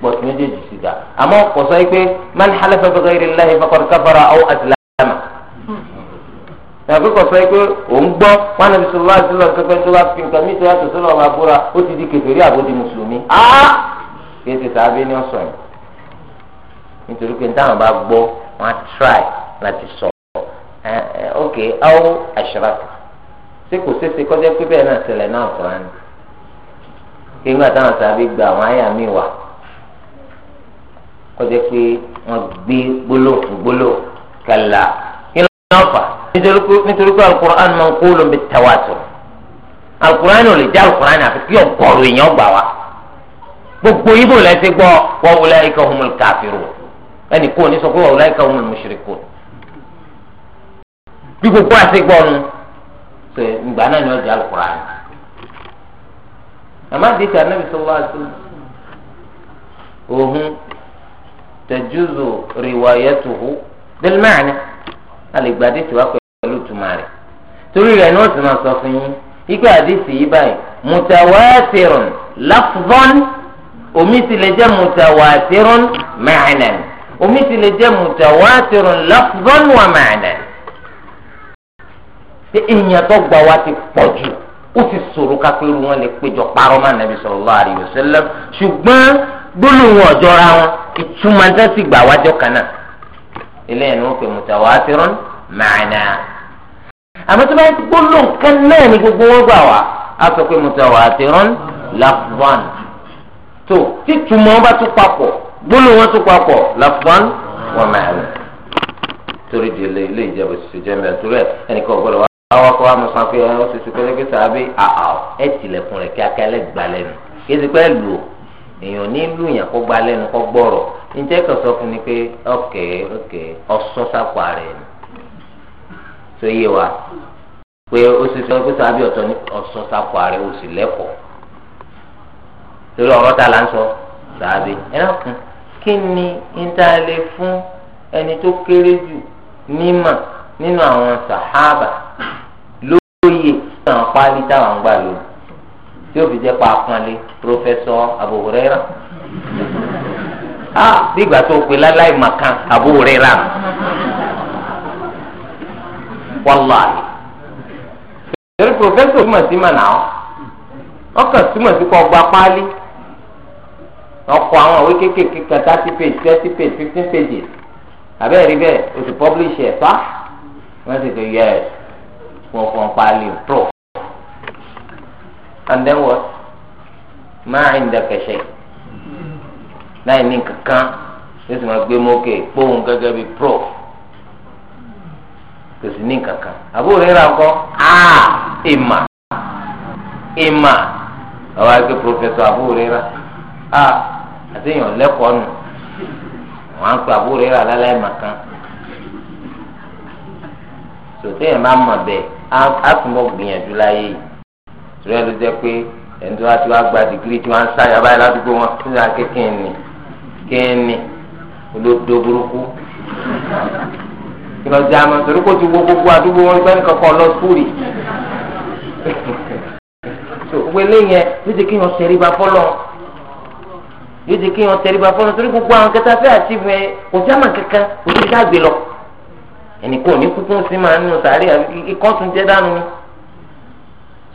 bọ́t méjèèjì sì dá àmọ́ kò sọ pé man halafa bi ghayri llahi faqad kafara aw aslama yàtọ̀ kò sọ pé òun gbọ́ wọn nàbí sọlá sílọ pẹpẹ tó bá fi nǹkan mìíràn yàtọ̀ sọlọ ọba búra ó ti di kèfèrí àbódi mùsùlùmí kí ẹ ti sàbẹ ní ọ̀sán nítorí pé táwọn bá gbọ́ wọn á try láti sọ ok aw ashraf ṣé kò ṣeéṣe kọjá pé bẹ́ẹ̀ náà ṣẹlẹ̀ náà fúnra ni kí nígbà táwọn sábẹ́ gba àwọn àyà mi wà kọjá pé wọ́n gbé gbólóhùn gbólóhùn kàlà kí ló ń fà nítorí pé alukur'an máa ń kó lóun bí tawatur alukur'an ò lè jẹ́ alukur'an àfi kí ọ̀gọ̀rọ̀ èèyàn gbà wá gbogbo ibo lẹsẹ gbọ́ wọ́n wulẹ̀ ikọ̀ humul kafirun ẹnì kò ní sọ pé wọ́n wulẹ̀ ikọ̀ humul mushrikun bí gbogbo àti gbọ́ nu pé ìgbà náà ni wọ́n jẹ́ alukur'an àmọ́ àdìsí anábì sallallahu alaihi wasallam òhun tajuzu riwayatuhu bil ma'na alẹ́gbẹ́ àdìsí wa pẹ̀lú tuma rẹ̀ torí rẹ̀ ni wọ́n ti máa sọ fún yín ikú àdìsí yìí báyìí mutawatirun lafzan omi ti lè jẹ́ mutawatirun ma'nan omi ti lè jẹ́ mutawatirun lafzan wa ma'nan pé èèyàn tó gbà wá ti pọ̀ jù ó ti ṣòro kápẹ́rù wọn lè péjọ parọ́ mọ́ ànábì sallallahu alaihi wasallam ṣùgbọ́n gbólóhùn ọ̀jọ́ra wọn ìtumọ̀ tán sì gbà wájọ́ kan náà eléyìí ni wọ́n pè mutawatirun ma'na àmọ́ tó bá yẹ gbólóhùn kan náà ni gbogbo wọn gbà wá á sọ pé mutawatirun lafzan tó títumọ̀ wọn bá tún papọ̀ gbólóhùn wọn tún papọ̀ lafzan wa ma'na torí di ilé ìjẹ́bù ṣiṣẹ́ jẹ́mi àtúrẹ́ ẹnìkan gbọ́dọ̀ wá àwọn ọkọ wa mọ̀sán pé ẹ ṣe ṣùkẹ́lẹ́kẹ́ sàbí àà ẹ tilẹ̀kùn rẹ̀ kíákíá lẹ́gbàá lẹ́nu kí ẹsẹ̀ pẹ́ lù ọ́ èèyàn ní lù kó gba lẹ́nu kó gbọ́rọ̀ njẹ́ kan sọ fún mi pé ọ̀kẹ́ ọ̀kẹ́ ọ̀sán sápà rẹ̀ ni tó yé wa pé ó ṣe ṣùkẹ́lẹ́kẹ́ sàbí ọ̀tọ̀ ní ọ̀sán sápà rẹ̀ ó sì lẹ́kọ̀ọ́ lórí ọ̀rọ̀ ta la ń sọ sàbí ẹ dákun kí ni intanet fún ẹni tó kéré jù nímọ̀ nínú àwọn sàhábà náà pálí táwọn gbà lò tí ó fi jẹ́ pa apanlé pòfẹ́sọ Abu Huraira a ah, bí ìgbà tó pe láláì màkàn Abu Huraira wàláì torí pòfẹ́sọ túmọ̀ sí mà náà ọkàn túmọ̀ sí kọ́ gba pálí ọkọ̀ àwọn àwé kéékèèké kan thirty page thirty page fifteen pages abẹ́rẹ́ rí bẹ́ẹ̀ o ti publish ẹ̀ fa wọ́n sì fi yẹ ẹ̀ fún ọkàn pálí prof and then what máa ń dàkẹsẹ láì ní kankan yóò sì gbé mókè kpóhùn gẹ́gẹ́ bíi pro kò sì ní kankan àbúrò rẹ ra kọ aa ah, ìmà ìmà àwọn akẹ́ pòfẹ́sọ̀ àbúrò rẹ ra a ah, àtẹ̀yìn lẹ́kọ̀ọ́ nù wọ́n á ń àbúrò rẹ ra lálẹ́ sòtẹ́yìn bá mọ̀ bẹ́ẹ̀ á gbìyànjú láyé yìí. torí ẹ ló jẹ pé ẹni tó bá ti wá gba dìgírì tí wọn ń sáyà báyìí ládùúgbò wọn tó yà kékeré ni kéènì olódó burúkú ìrọ̀jà àmọ̀ torí kò ti wo gbogbo àdúgbò wọn gbẹ́ni kankan lọ sùúrì gbogbo eléyìí yẹn yóò jẹ́ kí wọn tẹríba fọlọ́ yóò jẹ́ kí wọn tẹríba fọlọ́ torí gbogbo àwọn kẹta fẹ́ àti ìwé kò jámà kankan kò sí ká gbé lọ ẹnì kò ní kúkú sí màá nù sàárè ikọ́ tún jẹ́ dànù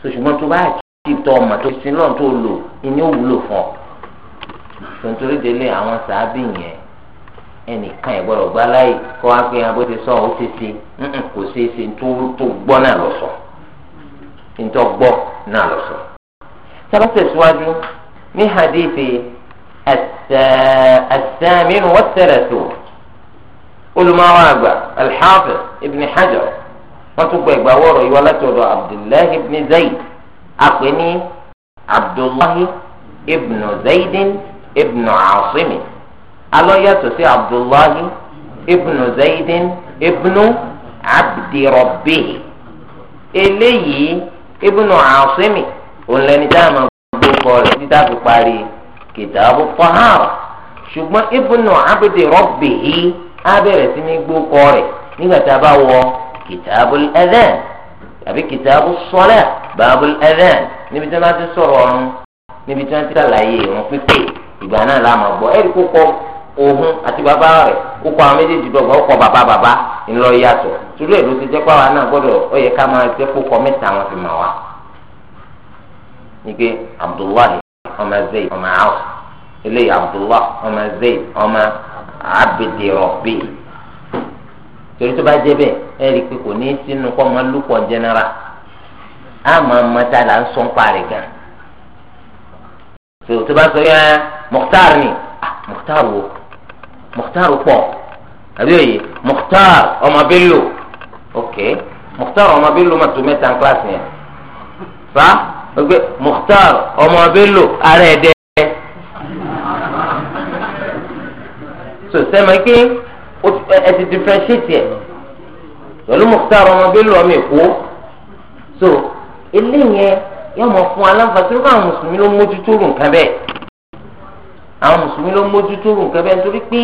sòṣùmọ́ tó bá ti tọ ọmọ tó sin náà tó lò ìní ò wúlò fún ọ tontorí délé àwọn sàábì yẹn ẹnìkan ẹ̀ gbọ́dọ̀ gbá láyè kọ́ wá pé abó ti sọ ó ti ṣe kò ṣe é ṣe tó gbọ́ náà lọ sọ ntọ́ gbọ́ náà lọ sọ. sábàtẹ̀ síwájú ní hadithi as-saminu wa as-salatu àgbà al ibn hajar wọ́n tún gba ìgbà wọ́ọ̀rọ̀ yìí wá láti ọ̀dọ̀ abdullahi ibn zayd àpè ní abdullahi ibn zaydin ibn asimi alọ́yàtọ̀ sí abdullahi ibn zaydin ibn abdirọ̀bì eléyìí ibn asimi òun lẹni dáhùn gbogbo rẹ̀ títà fi parí kìtàbù fọ́hárà ṣùgbọ́n ibn abdirọ̀bì yìí á bẹ̀rẹ̀ sí ní gbogbo rẹ̀ nígbà tá a bá wọ kitabul adhan àbí kìtàbù sọlẹ bàbù ẹdẹn níbi tí wọn bá ti sọ̀rọ̀ ọrùn níbi tí wọn ti sàlàyé ìrún pípé ìgbà náà la máa gbọ́ ẹrí kókó ohun àti bàbá rẹ̀ kókó àwọn méjèèjì dọ́gba ó kọ bàbá bàbá ńlọ yàtọ̀ tùrú ẹ ló ti jẹ pàwọn náà gbọ́dọ̀ ó yẹ ká máa jẹ kókó mẹ́ta wọn fi mà wá. nígbè abdullahi ọmọ zayd ọmọ aw eléyìí abdullahi ọmọ zayd ọmọ abdirọbì torí tó bá jẹ́ bẹ́ẹ̀ ẹ rí i pé kò ní í sínú kọ́ máa lúpọ̀ jẹnara á máa mọta là ń sọ ń parí gan tó tó bá sọ yẹn Mukhtar ni ah, Mukhtar wo Mukhtar pọ̀ àbí òye Mukhtar ọmọ Bello ok Mukhtar ọmọ Bello máa tó mẹ́ta ní kíláàsì yẹn fa ok Mukhtar ọmọ Bello ara ẹ̀ dẹ́ so sẹ́mi kí ẹ ti differentiate ẹ̀ pẹ̀lú Mukhtar ọmọ bẹ́ẹ̀ lọ́mọ èkó so eléyẹn yóò mọ fún aláǹfààní tó káwọn mùsùlùmí ló mójútó rò nǹkan bẹ́ẹ̀ àwọn mùsùlùmí ló mójútó rò nǹkan bẹ́ẹ̀ nítorí pé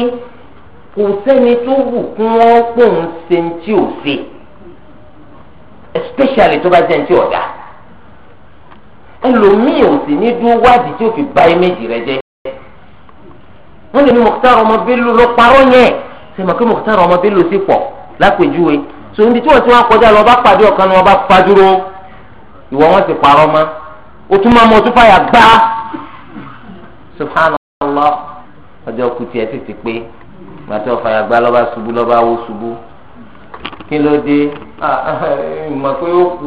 kò sẹ́ni tó wù kí wọ́n pòun ṣe ń tí ò ṣe especially tó bá jẹ́ ń tí ọ̀dà ẹlòmíì ò sì ní dúró wádìí tí ó fi bà image rẹ̀ jẹ́ wọ́n lè ní Mukhtar ọmọ bẹ́ẹ̀ ló lọ parọ́ yẹn ṣe mọ̀ kí mọ̀tàrà ọmọ bẹ́ẹ̀ lò sí pọ̀ lápèjúwe so ibi tí wọ́n ti wá kọjá lọ bá pàdé ọ̀kan ni wọ́n bá fadúró ìwọ wọn sì parọ́ mọ́ o tún máa mọ ọtún fàyà gbá subhanallah ọjọ́ kù tiẹ̀ tètè pé màtí wọ́n fàyà gbá lọ́ba ṣubú lọ́ba wó ṣubú kí ló dé mọ̀ pé ó kù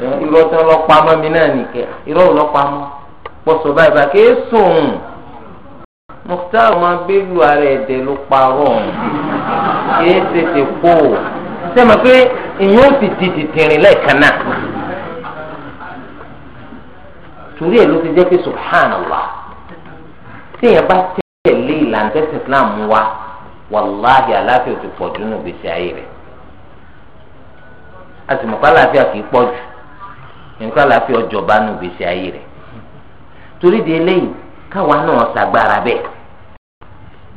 irọ́ tí wọ́n lọ́ pamọ́ mi náà nìkẹ́ irọ́ ò lọ́ pamọ́ pọ̀ sọ báyìí bá kéésùn. mukhtar ọmọ abẹ́lu ara ẹ̀dẹ̀ ló parọ́ kìí tètè kó o sẹ́mi pé ìyẹn ó ti di tìtìrìn lẹ́ẹ̀kan náà torí ẹ̀ ló ti jẹ́ pé subhanallah téèyàn bá tẹ̀lé ìlànà tẹ̀sí islam wa wàláhi aláfíà ò ti pọ̀ jù nù gbèsè ayé rẹ̀ a sì mọ̀ pé aláfíà kìí pọ̀ jù nǹkan aláfíà ọjọ́ bá nù gbèsè ayé rẹ̀ torí di eléyìí káwa náà ṣàgbára bẹ́ẹ̀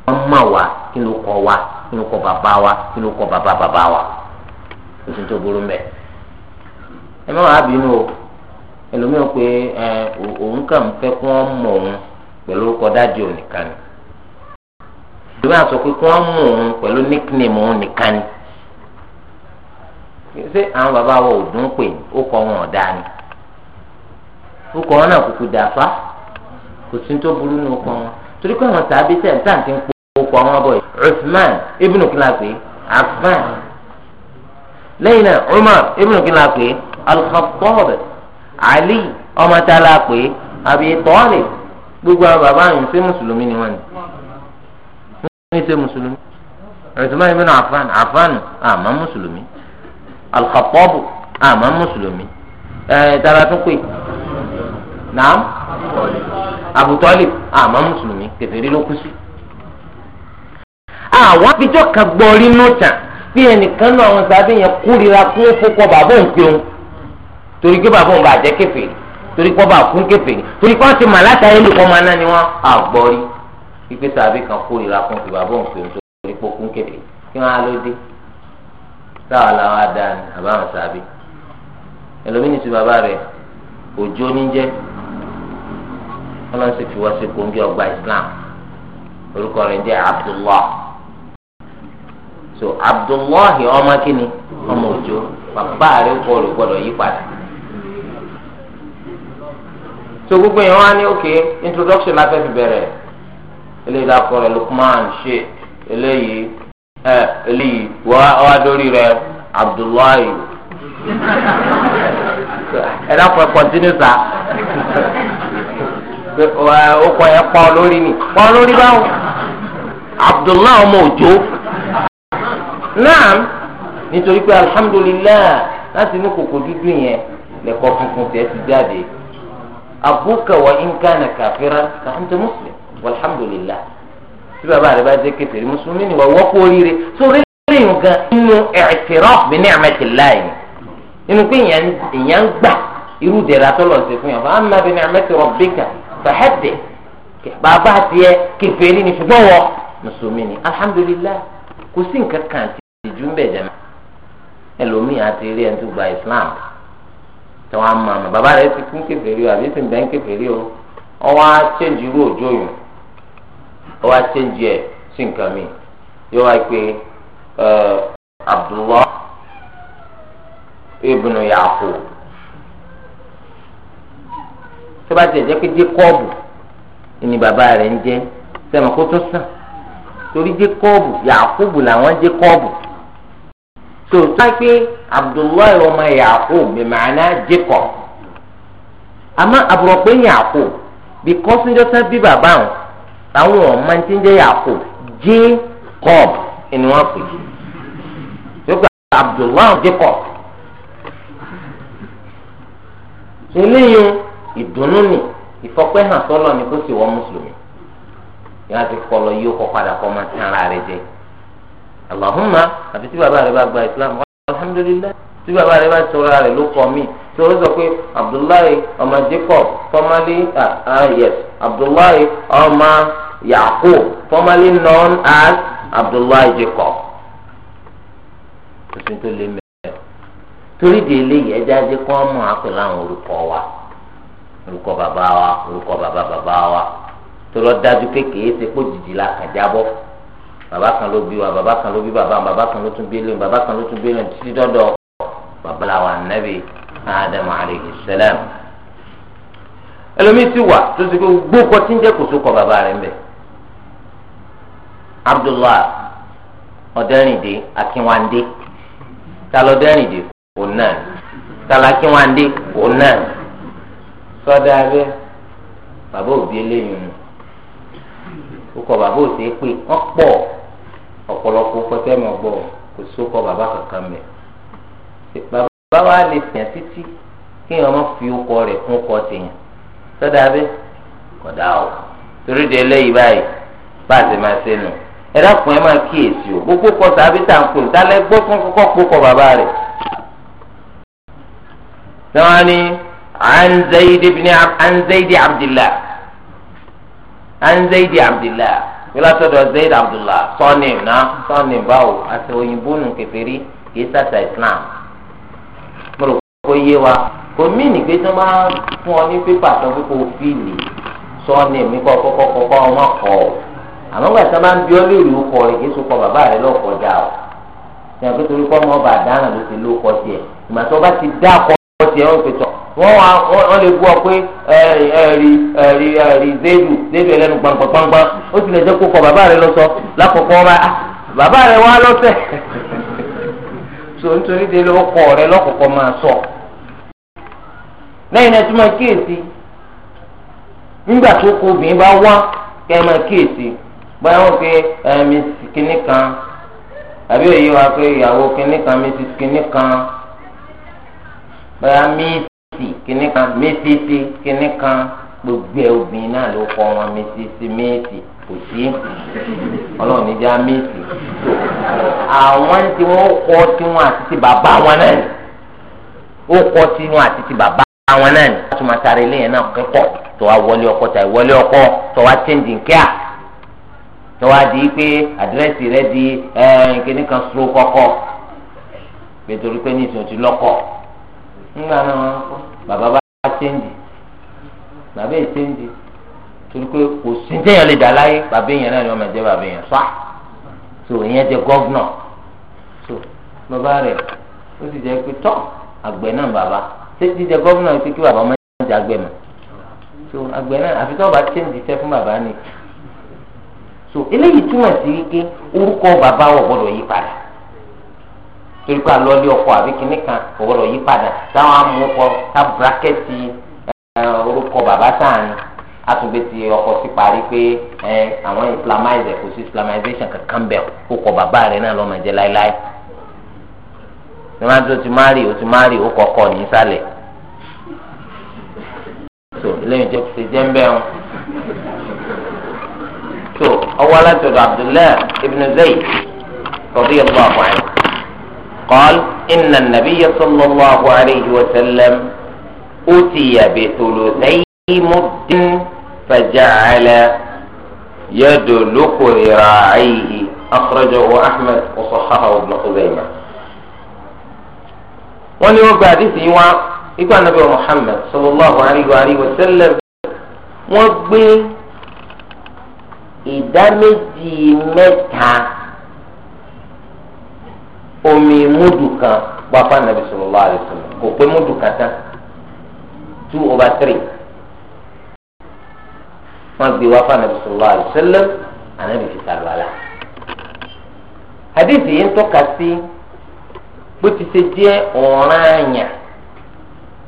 wọ́n mọ̀ wá kí ló kọ́ wá kí ló kọ́ bàbá wa kí ló kọ́ bàbá bàbá wa oṣù tó burú mbẹ. ẹ má wàá bínú o ẹlòmíràn pé òun kàn fẹ́ kí wọ́n mọ̀ òun pẹ̀lú orúkọ dájú òun nìkan ni ìdúrà sọ pé kí wọ́n mọ̀ òun pẹ̀lú nickname òun nìkan ni ṣé àwọn bàbá wa ò dún pè ní ó kọ wọn ọ̀dá ni ó kọ wọn náà kúkú dàfa kò sí tó burú ní ọkọ wọn torí pé àwọn tàbí tẹ̀ ń tàǹtí ń pò kọ àwọn ọbọ yìí Uthman ibnu kilape Affan lẹ́yìn náà Umar ibnu kilape Al-Khattab Ali ọmọ tá a la pè Abi Talib gbogbo àwọn bàbá yìí ṣe mùsùlùmí ni wọ́n ní ṣe mùsùlùmí Uthman ibnu Affan Affan àmọ́ mùsùlùmí Al-Khattab mùsùlùmí ẹ̀ tara tún pè naam Abu Talib àmọ́ mùsùlùmí kẹfẹ́ rí ló kú sí àwọn abijọ́ kan gbọ́ rí nùtàn bí ẹnìkan náà àwọn sábẹ́ yẹn kórira kún fúnpọ̀ bàbá òun pé òun torí pé bàbá òun bàjẹ́ kèfèrí torí pé ọba àkún kèfèrí torí pé wọ́n ti mà látàrí lùkọ́ máa ná ni wọ́n àgbọ̀ rí wípé sábẹ́ kan kórira kún fún bàbá òun torí pé òkun kèfèrí kí wọ́n á ló dé táwa làwọn adá ni àbáwọn sábẹ́ ẹlòmíní ti bàbá rẹ̀ òjò níjẹ́ ọlọ́run sì fi wá sí kóńgé ọgbà Islam orúkọ rẹ̀ jẹ́ Abdullah so abdullahi ọmọ kínní ọmọ òjò bàbá rẹ̀ kọ rẹ̀ gbọ́dọ̀ yí padà so gbogbo yẹn wá ní òkè introduction la fẹ́ fi bẹ̀rẹ̀ eléyìí lakọ rẹ̀ lukman ṣe eléyìí ẹ eléyìí wá wá dórí rẹ̀ abdullahi ẹ dákọ̀ ẹ kọ́ntínú sa ó kọ ẹ pọ́n lórí ni pọ́n lórí báwo abdullahi ọmọ òjò naam nítorí pé alhamdulilayi láti inú kòkò dúdú yẹn lẹ́kọ̀ọ́ funfun tẹ̀ ti jáde abuka wa inkana kàfíràn kàfíńtà muslim walhamdulilayi tí bàbá rẹ bá jẹ́ kèfèrí mùsùlùmí ni wà wọ́pọ̀ oríire sórí lẹ́yìn gan inú i'tiraf bi ni'matillahi inú pé ìyẹn ń gbà irú dẹ̀ra tó lọ sí fún yàn fún amma bi ni'mati rabbika fahaddith bàbá tiẹ̀ kèfèrí ni ṣùgbọ́n wọ mùsùlùmí ni alhamdulilayi kò sí nǹkan kan ìtìjú ń bẹ̀jẹ̀ mọ́ ẹlòmíì àti rí ẹni tó gba Islam tí wọ́n á mọ àmọ́ bàbá rẹ̀ ti kún kèfèrí o àbí ti ń bẹ́ ń kèfèrí o ọwọ́ á chẹ́ǹjì irú òjò yùn ọwọ́ á chẹ́ǹjì ẹ̀ sí nǹkan mi yóò wá pé eh, Abdullah ibn Yaqub tó bá tiẹ̀ jẹ́ pé Jacob ni bàbá rẹ̀ ń jẹ́ sẹ́mi kó tó sàn torí Jacob Yaqub làwọn Jacob so tó wáá pé abdullahi ọmọ yaakub bìmọ̀ọ́nà jacob àmọ́ àbúrò pé yaakub because níjọ́ sá bí bàbá wọn àwọn ọmọ tí ń jẹ́ yaakub jacob ni wọ́n pè é yóò gba abdullahi jacob eléyìí ìdùnnú ni ìfọpẹ́ hàn sọ́lọ́ ni kó sì wọ́n mùsùlùmí yóò ti yóò kọ́ padà kọ́ máa tán ara rẹ̀ jẹ́. Allahumma àfi tí bàbá rẹ bá gba Islam alhamdulilayi tí bàbá rẹ bá sọ̀rọ̀ rẹ ló kọ́ mi tí ó sọ pé Abdullahi ọmọ Jacob formerly yes Abdullahi ọmọ Yaqub formerly known as Abdullahi Jacob tuntun tó lé mẹ́rin torí di eléyìí ẹja ajé kọ́ mọ́ àpèlà àwọn orúkọ wa orúkọ bàbá wa orúkọ bàbá bàbá wa tó lọ dájú pé kìí ṣe kó jìjì la kàn jábọ́ bàbá kan ló bí wa bàbá kan ló bí bàbá bàbá kan ló tún bí lóyún bàbá kan ló tún bí lóyún títí dọ́dọ̀ bàbá la wa nabi adam alayhi salam ẹlòmíì sì wà tó ti kó gbókọ tí ń jẹ kó sókọ bàbá rẹ̀ ńbẹ abdullah ọdẹrìndé akínwándé talọdẹrìndé òun náà talakínwándé òun náà sọdọ abẹ bàbá òbí eléyìí nù kókọ bàbá òsè pé wọn pọ̀ ọ̀pọ̀lọpọ̀ kọtẹ́mọ̀ gbọ́ kò sókọ bàbá kankan mẹ́ bàbá wa lè tẹ̀ títí kí èèyàn má fi ọkọ rẹ̀ kún ọkọ tèèyàn sọ́dà bẹ́ẹ̀ kọ̀dà o torí de eléyìí báyìí bá a ti máa ṣe nù ẹ dákun ẹ máa kíyèsí o gbogbo kọ sàbí tá à ń pè ní tálẹ́ gbọ́ fún kọ́kọ́ kó kọ bàbá rẹ̀ sọ́wọ́n ni anzayidi bin anzayidi abdillah anzayidi abdillah ìlàtọ̀dọ̀ zayd abdullah sọ́ọ̀nìm náà sọ́ọ̀nìm báwo àti òyìnbó nù kẹfẹ́rí kì í sàtà islam mo rò kó yé wa kò mí nìgbé tó máa fún ọ ní pépà tó fi kó fíìlì sọ́ọ̀nìm ní kọ́kọ́kọ́kọ́ ọmọ kọ́ ọ àmọ́ gbà tí wọ́n bá ń bí ọ lórí orúkọ rẹ̀ kì í sọ kọ bàbá rẹ̀ o ṣe àpótò orí kọ́ ọmọ ọba àdáhàn ló ti lóko tiẹ̀ ìgbà tó bá ti dá ọkọ tiẹ̀ ó ń pè tọ́ wọ́n wá wọ́n lè bú ọ pé ẹ̀rì ẹ̀rì ẹ̀rì zéèdù zéèdù ẹlẹ́nu gbàngbàngbàngbà ó sì lè jẹ́ kó kọ bàbá rẹ lọ sọ lákòókò ọba ah, bàbá rẹ wá lọ́sẹ̀ [LAUGHS] so nítorí délé ó kọ rẹ máa sọ. lẹ́yìn náà tí máa kíyèsí nígbà tó kó obìnrin bá wá kẹ́ ẹ máa kíyèsí báyà wọ́n pe ẹ̀mí kìnnì kan àbí òye wa pé ìyàwó kan kìnnì kan kan gbogbo obìnrin náà ló kọ wọn mẹsìsì mẹsì kò sí Ọlọ́run níjà àwọn tí wọn kọ tiwọn àti ti bàbá wọn kọ tiwọn àti ti bàbá wọn náà ni wọn tún máa sáré lẹ́yìn náà tó wá wọlé ọkọ tà ọkọ tó wá kíá tó wá di pé àdírẹ́sì rẹ di kan bàbá bá ṣéǹdì bàbá yìí ṣéǹdì torí pé kò sí téèyàn lè dà láyé bàbá yẹn náà ni wọ́n máa jẹ́ bàbá yẹn fà so ìyẹn jẹ́ gọ́vnọ̀ so bàbá rẹ̀ ó sì jẹ́ pé tọ́ àgbẹ̀ náà bàbá ṣé jíjẹ gọ́vnọ̀ yìí pé kí bàbá máa jẹ àgbẹ̀ mọ́ so àgbẹ̀ náà àfi tí bá ṣéǹdì fẹ́ fún bàbá ni so eléyìí túmọ̀ sí wípé orúkọ bàbá wọ̀ gbọ́dọ̀ yí padà torí pé alọ́lé ọkọ àbí kínní kan òwòrò yí padà táwọn amúkọ tá bírákẹ́tì orúkọ bàbá sáàni àtúgbé ti ọkọ sí parí pé àwọn islamize kò sí islamization kankan bẹ̀ kó kọ bàbá rẹ̀ náà lọ́mọ jẹ́ láéláé níwájú o ti má rí o ti má rí o kọ̀ọ̀kọ̀ nísàlẹ̀ so lẹ́yìn tó ti jẹ́ ń bẹ́ wọn. so ọwọ́ alátọ̀dọ̀ abdullahi ibn zayd radiyallahu anhu. قال إن النبي صلى الله عليه وسلم أتي بثلثي مد فجعل يدلك ذراعيه أخرجه أحمد وصححه ابن خزيمة واني وبعد سيوا إكوى النبي محمد صلى الله عليه وآله وسلم وبي إدامتي متى omi múdù kan gba fún anabi sallallahu alaihi wasallam kò pé múdù kan tán two over three wọn gbé wá fún anabi sallallahu alaihi wasallam anabi fi sàlùwàlà. hadithi yìí ń tọ́ka sí bó ti ṣe jẹ́ ọ̀ràn àyà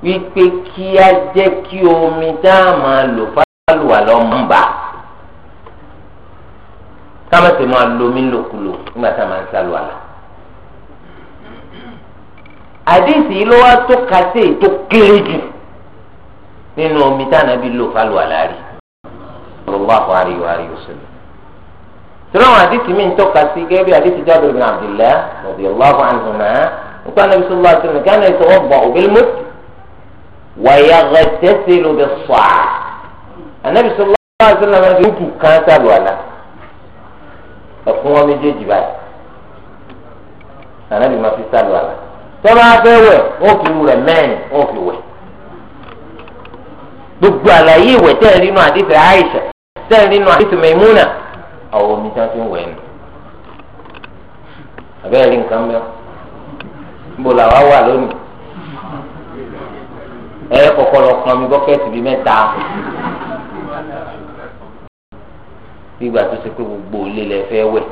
wípé kí á jẹ́ kí omi dá máa lò fálùwàlà ọmọ bá ká má ti máa lo lòkulò nígbà tá a máa ń sàlùwàlà àdéhìsì yìí ló wá tó kásẹ̀ tó kéré jù nínú omi tí ànábì lò fálùwàlá rí sallallahu alayhi wa alihi wa sallam tìrọ àwọn àdìsí mi ń tọ́ka sí gẹ́gẹ́ bí àdìsí Jabir bin Abdillah radiyallahu anhuma nípa Nabi sallallahu alayhi wa sallam kana yatawadda'u bil mudd wa yaghtasilu bis-sa' Ànábì sallallahu alayhi wa tọ́ba fẹ́ wẹ̀ wọ́n fi wù mẹ́rin fi wẹ̀. gbogbo àlàyé ìwẹ̀ tẹ́ ẹ̀ nínú àdìsẹ̀ Àìṣà tẹ́ ẹ̀ nínú àdìsẹ̀ Mẹ́múnà àwọn omi tí fi ń wẹ̀ nù. àbẹ́rẹ́ rí nǹkan mẹ́wọ́ níbo làwa wà lónìí. ẹ kọ́kọ́ lọ pọn mi bọ́kẹ́tì gbogbo lẹ fẹ́ wẹ̀.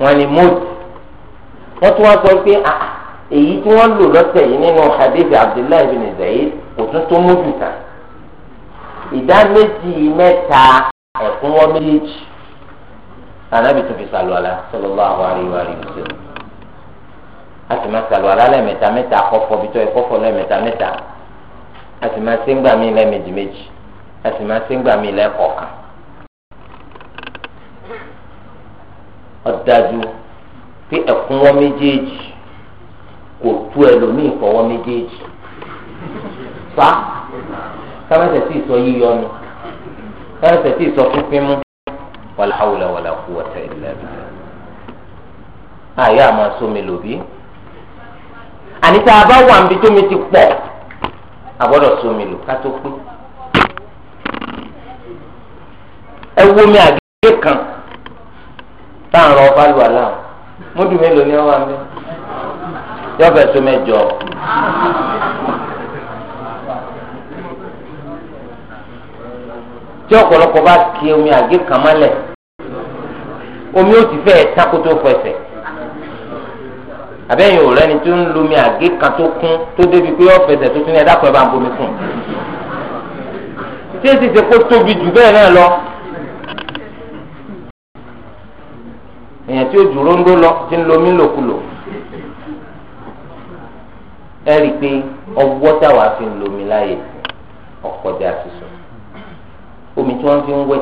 wọ́n wọ́n tún wá sọ pé ah, ah, èyí tí wọ́n lò lọ́tẹ̀ yìí nínú hadith abdullahi bin zayid kò tún tó mójú tán ìdá méjì mẹ́ta ẹ̀kún wọn méjèèjì ànábì tó fi sàlùwàlà sallallahu alaihi wa sallam a sì máa sàlùwàlà lẹ́ẹ̀mẹ́ta mẹ́ta kọ́fọ́ bí tó yẹ kọ́fọ́ lẹ́ẹ̀mẹ́ta mẹ́ta a sì máa séngbà mí lẹ́ẹ̀mejì méjì a sì máa séngbà mí lẹ́ẹ̀kọ̀ọ̀kan ọ̀dájú pé ẹ̀kúnwọ́ méjèèjì kò tú ẹlòmíì fọwọ́ méjèèjì fa kámẹ́sẹ̀ sì sọ yíyọnu kámẹ́sẹ̀ sì sọ fífín mú wàlá hawla wàlá quwwata illa billah àyà máa sómi lòbí àní tá a bá wà níbi tómi ti pọ̀ a sómi lò ká tó pé ẹ wo mi àgé kan tá à lù àlà múdù mélòó ni wọ́n wà mí yọ fẹ́ tó mẹ́jọ. tí ọ̀pọ̀lọpọ̀ bá ki omi àgé kan mọ́lẹ̀ omi ó ti fẹ́ takoto fẹsẹ̀ àbẹ́yìn ò rẹ́ni tó ń lomi àgé kan tó kún tó débi pé ọ̀fẹsẹ̀ tó tún ní ẹ̀dá kan ẹ̀ bá ń bomi kún tí èsì ṣe kó tóbi jù bẹ́ẹ̀ náà lọ èèyàn tí ó dúró ń dó lọ tí ń lomi lòkulò ẹ rí i pé ọwọ́ táwa fi ń lomi láàyè ọ̀kọ̀dà sísọ omi tí wọ́n fi ń wẹ̀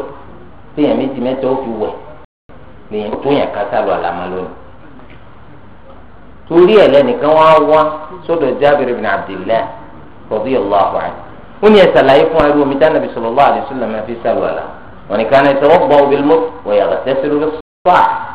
téèyàn méjì mẹ́ta ó fi wẹ̀ lèyìn tó yàn ká sálọ àlàmà lónìí torí ẹ̀ lẹ́nìkan wá wá sọ́dọ̀ Jábìrì bin Abdillah radiyallahu anhu ó ní ẹ ṣàlàyé fún ẹrú omi tí Ànábì sallallahu alaihi wasallam fi sálọ àlà wọn ni kàn ẹ sọ wọ́n bọ̀ ọ́ bí lọ́wọ́ yàrá tẹ́sí lórí sọ́ọ̀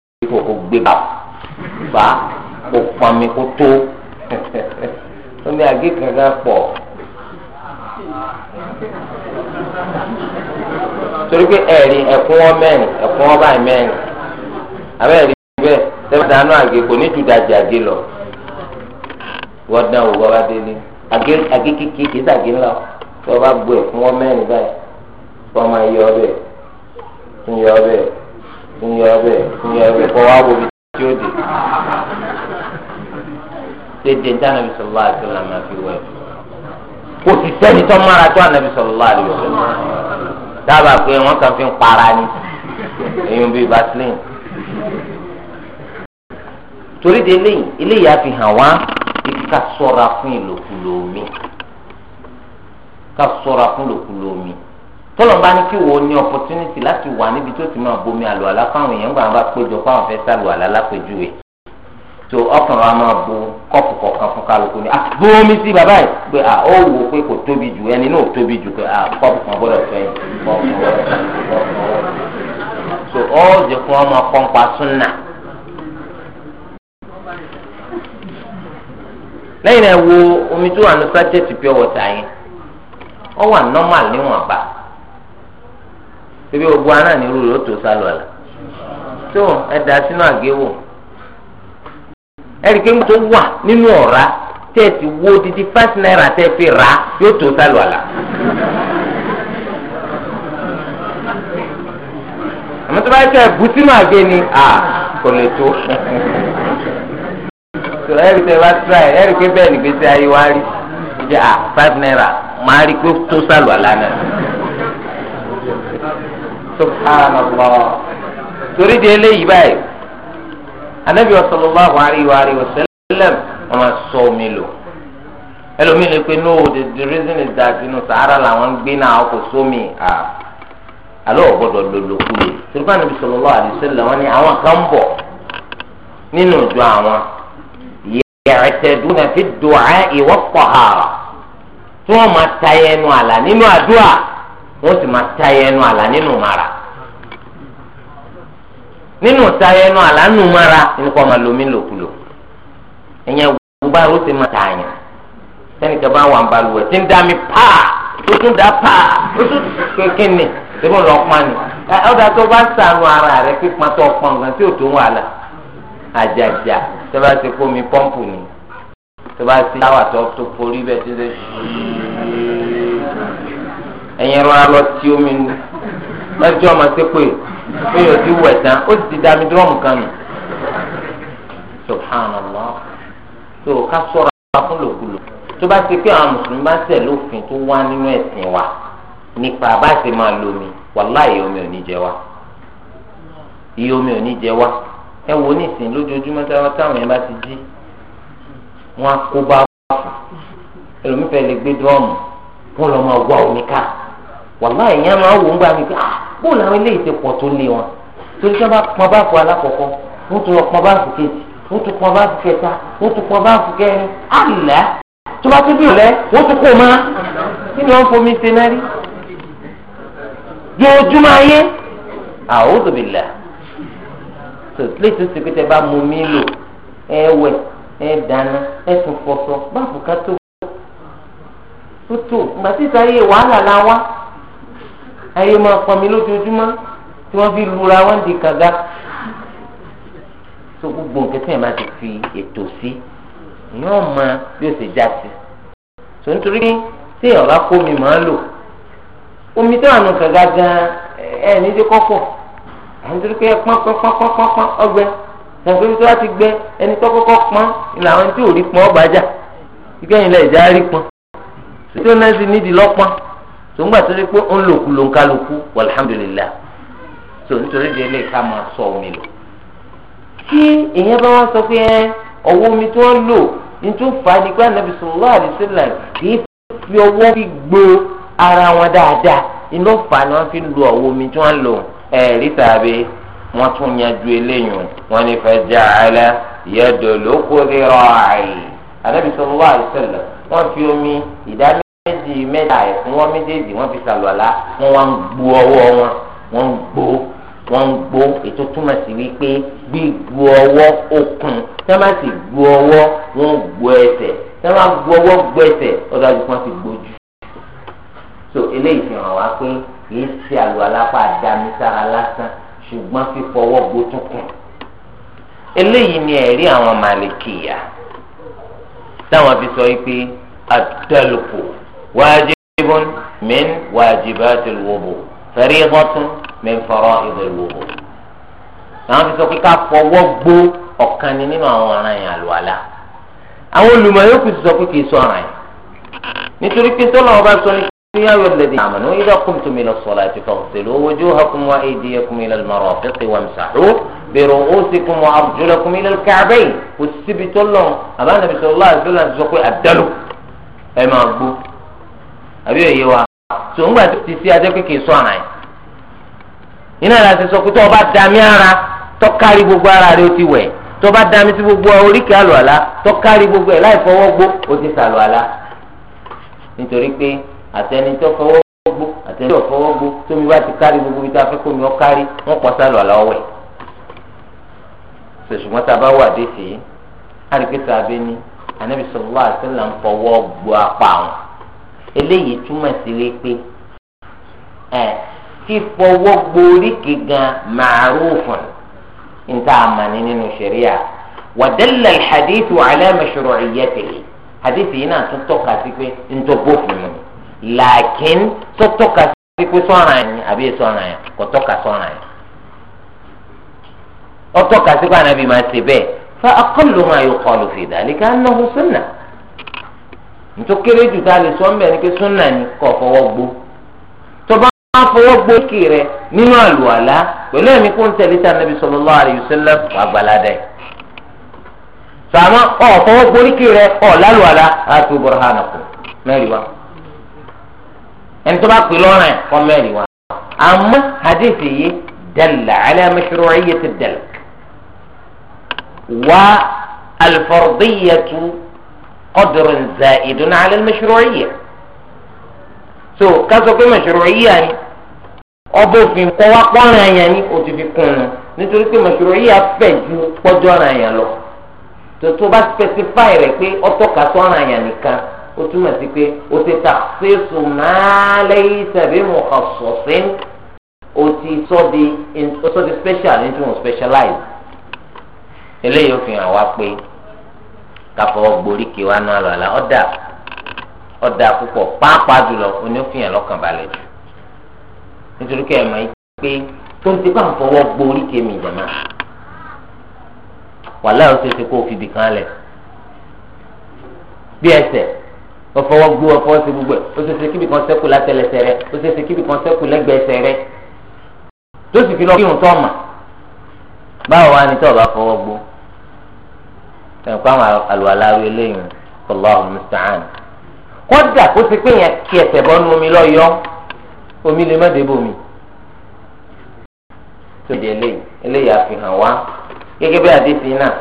kó gbé bá bá kó pọnmi kó tó omi àgé kankan pọ̀ torí pé ẹ̀rí ẹ̀kún wọn mẹ́rin ẹ̀kún wọn báyìí mẹ́rin abẹ́rẹ́ bẹ́ẹ̀ tẹ́lẹ̀ dáná àgé kò ní ju dàjà àgé lọ wọ́n dán owó wá délé àgé àgé kékeré kìí sàgé ńlá tí wọ́n bá gbọ́ ẹ̀kún wọn mẹ́rin báyìí wọ́n máa yọ ọbẹ̀ tún yọ ọbẹ̀ ń yọ ọbẹ̀ ń yọ ọbẹ̀ kọ́ wá wo ibi tí ó dé. dédé ní anabi sallallahu alaihi wasallam máa fi wẹ̀ kò sì sẹ́ni tó mára tó anabi sallallahu alaihi wasallam dábàá pé wọ́n kàn fi ń para ni èyí ń bí vaseline torí de eléyìí eléyìí á fi hàn wá ká ṣọ́ra fún ìlòkulò omi ká ṣọ́ra fún ìlòkulò omi tọ́lọ̀ bá ní kí wo ní opportunity láti wà níbi tó ti máa bomi àlùwàlá fáwọn èèyàn gbà bá péjọ fáwọn fẹ́ sàlùwàlá lápèjúwe tó ọkàn wa máa bo kọ́ọ̀pù kọ̀ọ̀kan fún kálukú ni ah, bomi sí bàbá yìí pé à ah, ó wò pé kò tóbi jù ẹni náà tóbi jù pé à ah, kọ́ọ̀pù kan gbọ́dọ̀ fẹ́ kan so ó jẹ fún ọmọ kọ́ńpa ebi gbogbo aná ní irú rẹ̀ ó tó sálọ àlà tó ẹ̀dá sínú àgéwò ẹ̀ríkẹ́ tó wà nínú ọ̀rá tẹ́ ẹ̀ ti wo didi five naira tẹ́ ẹ fi rà á yóò tó sálọ àlà. àmọ́ tó bá ṣe ẹ̀bù sínú àgé ni à kò lè tó tó ẹ̀rí tẹ́ bá tíra ẹ̀ ẹ̀ríkẹ́ bẹ́ẹ̀ nígbésí ayé wa rí ìdí à five naira màá rí pé tó sálọ àlà náà subhanallah torí di eléyìí báyìí anabi wa sallallahu alayhi wa alayhi wa sallam wọn máa sọ omi lò ẹlòmíì lè pe no the the reason is that inú sahara làwọn ń gbé náà kò sómi à alẹ́ ò gbọ́dọ̀ lòlòkulè turban nabi sallallahu alayhi wa sallam wọn ni àwọn kan bọ̀ nínú ìjọ àwọn ya'taduna fi du'a wa tahara tí wọ́n máa ta ẹnu àlà nínú àdúrà. wọ́n sì máa ta ẹnu àlá nínú mara nínú ta ẹnu àlá nínú mara máa lomi lòkulò ẹ̀yẹn gbogbo àwọn sì máa ta àyàn sẹ́nìkan bá wà ń balùwẹ̀ tí mi paa tó tún paa tó tún kékeré ni síbò ń lọ pọn ni ọ̀dà tó bá sànù ara rẹ̀ pípa tó pọn gan tí ò tó wà lá àjàjà bá ti kó mi pọ́ǹpù ni ẹ̀yin rọra lọ tí omi nù lọ́jọ́ ọmọ sí pé fíyọ̀ sí wẹ̀ tán ó sì ti da mi dúrọ́ọ̀mù kan nù subhanallah tó ká sọ̀rọ̀ fún lòkulò tó bá ti pé àwọn mùsùlùmí bá tẹ̀ lófin tó wá nínú ẹ̀sìn wa nípa bá ṣe máa lo omi wàláì omi ò ní jẹ wá iye omi ò ní jẹ wá ẹ wo nísìn lójoojúmọ́ táwọn yẹn bá ti jí wọn á kó bá wà fún ẹlòmífẹ́ lè gbé dúrọ́ọ̀mù wọn lọ́ máa wá omi ká wàlá ìyẹn máa wò ń gbà mí pé ah bóun làwọn ilé ìṣe pọ̀ tó lé wọn torí tí wọ́n bá pọn báàfù alákọ̀ọ́kọ́ wọ́n tún lọ pọn báàfù kejì wọ́n tún pọn báàfù kẹta wọ́n tún pọn báàfù kẹrin àlá tó bá tún bí òlẹ́ wọ́n tún kó o máa kí ni wọ́n fomi ṣe náà rí yóòjúmọ́ ayé àwòdòbìlà tó léṣe ṣe pé tẹ bá mu mí lò ẹ wẹ̀ ẹ dáná ẹ tún fọṣọ báàfù ká tó tó tó gbàtí sáyé wàhálà la ayé máa pọn mi lójoojúmọ́ tí wọ́n fi lura wọ́n di kàga tó gbogbo nǹkan tí ẹ̀ máa ti fi ètò sí yóò mọ bí ó ṣe já sí tó nítorí tí èèyàn bá kó mi máa lò omi tó àánú kàga gan ẹ ní dé kọ́kọ́ àwọn nítorí pé pọ́n pọ́n pọ́n pọ́n pọ́n pọ́n ọgbẹ́ tàbí tó bá ti gbẹ ẹni tó kọ́kọ́ pọ́n ni àwọn tí ò rí pọ́n ọgbà jà ìgbẹ́yìn lẹ̀ já rí pọ́n tó náà ti nídìí lọ́pọ́n tó ń gbà tó lé pé ó ń lòkù ló ń kálukú alhamdulillah tó nítorí de lè ká máa sọ omi lò tí ìyẹn bá wá sọ pé ẹ ọwọ́ omi tí wọ́n lò nítorí fà á di pé ànábì sallallahu alaihi wasallam kì í fi ọwọ́ fi gbó ara wọn dáadáa iná fà á ni wọ́n fi lo ọwọ́ omi tí wọ́n lò ẹ̀ẹ́dì tàbí wọ́n tún yanjú eléyìí wọ́n ní fẹ́ jẹ́ àlẹ́ yẹ́dọ̀ lóko rírọ̀ àyè ànábì sallallahu alaihi wasallam wọ́n fi omi ìdá méjì mẹ́ta ẹ̀fún wọn méjèèjì wọ́n fi sàlùwàlá wọ́n wá ń gbó ọwọ́ wọn wọ́n ń gbó wọ́n ń gbó ètò túmọ̀ sí wípé gbígbó ọwọ́ okùn tẹ́ má sì gbó ọwọ́ wọ́n gbó ẹsẹ̀ tẹ́ má gbó ọwọ́ gbó ẹsẹ̀ ọ̀dọ̀ àdúgbò ti gbójú. so eléyìí fi hàn wá pé kìí ṣe àlùwàlá pa àdámi sára lásán ṣùgbọ́n fífọwọ́ gbó tún kù. eléyìí ni ẹ̀rí àwọn màlìkìyà táwọn fi sọ wípé àdàlùkù wajibun min wajibatil wudu fariidatun min faraidil wudu. àwọn ti sọ pé ká fọwọ́ gbó ọ̀kan ni nínú àwọn ọ̀ràn yẹn àlùwàlà àwọn olùmọ̀ yóò kù sọ pé kì í sọ ọ̀ràn yẹn nítorí pé sọ́nà ọba sọ ní kí yá yóò lẹ́dí àmàlú idha qumtum ila salati faghsilu wujuhakum wa aydiyakum ila al-marafiqi wamsahu bi ru'usikum wa arjulakum ila al-ka'bayn kò síbi tó lọ àbánabi sallallahu alaihi wasallam sọ pé àdálù ẹ máa gbó àbí òye wa tó ń gbà ti sí ajẹ́ pé kì í sọ àrà yìí iná ìlànà ti sọ pé tó o bá dami ara tó kárí gbogbo ara rẹ o ti wẹ̀ tó o bá dami ti gbogbo oríkèé àlùwàlá tó kárí gbogbo ẹ̀ láì fọwọ́ gbó o ti sàlùwàlá nítorí pé àtẹni tó fọwọ́ gbó àtẹni tó fọwọ́ gbó tómi bá ti kárí gbogbo ibi tá a fẹ́ kómi ọ kárí wọ́n pọ̀ sàlùwàlá ọwẹ́ sòṣùgbọ́n tá a bá wà dé sí i á rí pé sàbẹ̀ ni ànábì sallallahu eléyìí túmọ̀ sí wípé ẹ fífọwọ́ gboríkì gan màrúfùn níta àmàní nínú ṣẹ̀ríà wàdẹ́lẹ̀ hadithu alẹ́mẹ̀ṣọ̀rọ̀ ìyẹ́tẹ̀lẹ̀ hadithu yìí náà tún tọ́ka sí pé ń tó bófin mu làákín tó tọ́ka sí pé sọ́ra yẹn àbí sọ́ra yẹn kò tọ́ka sọ́ra yẹn ó tọ́ka sí pé ànábì máa ṣe bẹ́ẹ̀ fa aqallu ma yuqalu fi dhalika annahu sunnah ntòkèrè jù tá a lè sọ ń bẹ̀ ni pé súnà ni kọ̀ fọwọ́ gbó tọba máa fọwọ́ gbó kì rẹ nínú àlùwàlá pẹ̀lú ẹ̀mí kó ń tẹ̀lé tá nàbí sallallahu alaihi wasallam wà gbalada yìí sàmọ́ ọ̀ fọwọ́ gbó kì rẹ wa ẹni tó bá pè lọ́rùn ẹ̀ kọ́ mẹ́rin wa àmọ́ hadith yìí dalla ala mashru'iyyati dalk wa al-fardiyyatu. قدر زائد على المشروعية so kásọ pé mashru'iyya ni ọbọ̀fin kọ́wá pọ́nra yẹn ni o ti fi kún un nítorí pé mashru'iyya fẹ̀ ju pọ́jọ́ra yẹn lọ tó bá specify rẹ̀ pé ọtọ́ka sọ́ra yẹn nìkan ó túmọ̀ sí pé o ti takhsisu ma laysa bi mukhassasin o ti sọ di special nítorí specialize eléyìí ó fi hàn wá pé káfọwọ́ gborí kí wa nù àlùwàlá ọ̀dà ọ̀dà púpọ̀ pàápàá jùlọ onífìyàn lọ́kàn balẹ̀ jù nítorí kẹ́ ẹ̀ máa pé tó ń ti bá ń fọwọ́ gborí kí mi jàmá wàhálà ó ṣeéṣe kó o fìdí kan lẹ̀ bí ẹsẹ̀ ọfọwọ́ gbó ọfọwọ́ sí gbogbo ẹ̀ ó ṣeéṣe kíbi kan sẹ́kù látẹlẹsẹ̀ rẹ ó ṣeéṣe kíbi kan sẹ́kù lẹ́gbẹ̀ẹsẹ̀ rẹ tó sì fi lọ kírun tó ọ̀mà báwo wá ni tó o bá fọwọ́ gbó. ẹnìkan àwọn àlùwàlá rí eléyìí Allahu musta'an kódà kó ti pé yẹn kí ẹsẹ̀ bọ́ nu omi lọ́yọ́ omi lè má débò mi. tó di eléyìí eléyìí àfihàn wá gẹ́gẹ́ bí àdéhùn náà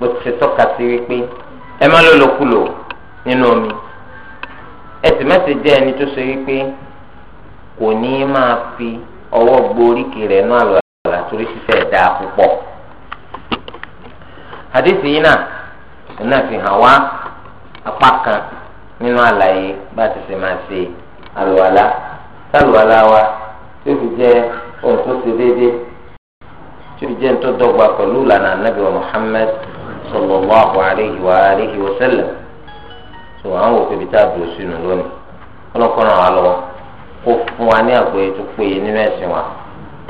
bó ti ṣe tọ́ka sí wípé omi ẹsẹ̀ mẹ́sẹ̀ jẹ́ ẹni tó ṣe wípé kò ní máa fi ọwọ́ gboríkì rẹ̀ nú àlọ́ torí ṣiṣẹ́ ẹ̀dá púpọ̀ àdéhùn náà. náà fi hàn wá apá kan nínú àlàyé bá ti ṣe máa ṣe àlùwàlá sálùwàlá wa tí ó fi jẹ ohun tó ṣe déédéé tí ó fi jẹ ohun tó dọ́gba pẹ̀lú ìlànà anábì wa Muhammad sallallahu alayhi wa alihi wa sallam tó àwọn òfin bíi tá a dúró sínú lónìí ọlọ́kọ́ ràn kó fún wa ní àgbọ́yé tó péye nínú ẹ̀sìn wa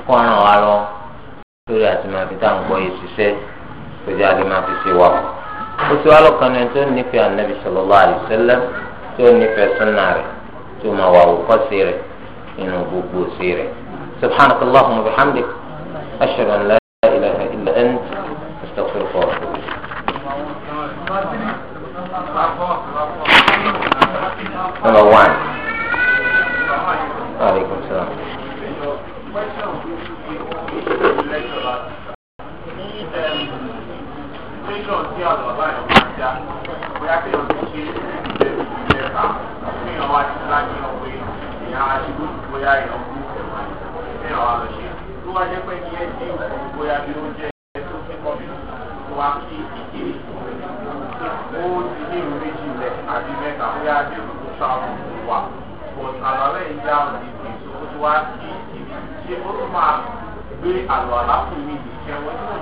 kó ràn wá lórí àti máa fi gbọ́ yìí ṣiṣẹ́ máa fi ṣe wà ó ti wá lọ́kàn ní tó nífẹ̀ẹ́ ànábì sallallahu alaihi wasallam tó nífẹ̀ẹ́ súnà rẹ̀ tó máa wà òkọ́ sí rẹ̀ nínú gbogbo sí rẹ̀ bóyá èèyàn kú èèyàn wà lọ ṣe tó wá jẹ́ pé ní ẹ ti bóyá bí ó jẹ́ tó fi kọ́ mi tó wá kí ìkéde ó ti ní ìrú méjì lẹ̀ àbí mẹ́ta bóyá bí ó tó ṣàrùn tó wà but àlọ́lẹ̀ ìjà òní ti tó tó wá kí ìkéde ṣé ó tó máa gbé àlọ́ àlákùn mi ìṣẹ́ wọn tí mo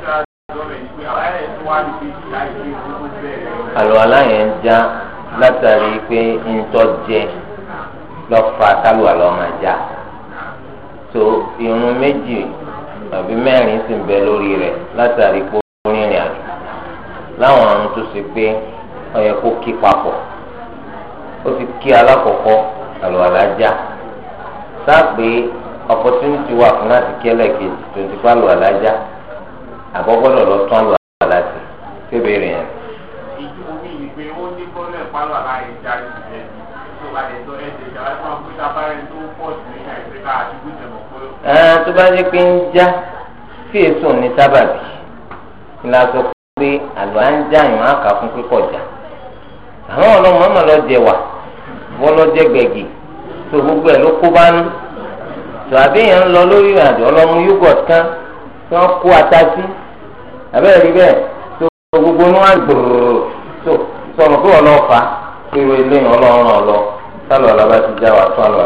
jẹ́ àlùwàlá yẹn já látàrí pé ntọ́ jẹ lọ́fà kálùwà lọ́ máa já so irun méjì àbí mẹ́rin sì ń bẹ lórí rẹ̀ látàrí pé ó rìnrìn àjò láwọn àrùn tó ṣe pé ó yẹ kó kí papọ̀ ó ti kí alákọ̀ọ́kọ́ àlùwàlá já sáà pé opportunity wà fún láti kí ẹlẹ́ẹ̀kejì tó ti pa àlùwàlá já àkọ́gbọ́dọ̀ lọ tún àlùwàlá sí kébé rẹ̀ yẹn. ìdúró mi ni pé ó ní kọ́lẹ̀ pálọ̀ àbáyé já ìjẹ́ tó bá lè tó ẹ̀jẹ̀ ìjọba tó ń kúta báyẹn tó pọ̀ sí ní àìsíkà àti tó bá jẹ́ pé ń já tí èso ní sábàbí ìlà sọ pé àlọ́ à ń já ìwọ̀n àkà fún pípọ̀ já àwọn ọlọ́mọ ọmọ lọ jẹ wà wọ́n lọ jẹ gbẹ̀gì tó gbogbo ẹ̀ ló kó bá nú tó àbíyàn lọ lórí ọlọ́mú yúgọ̀t kan tí wọ́n kó ata sí àbẹ́rẹ́ rí bẹ́ẹ̀ tó gbogbo inú wa gbòòrò tó sọ̀rọ̀ pé ọlọ́run ọlọ́ sálọ̀ ọ̀la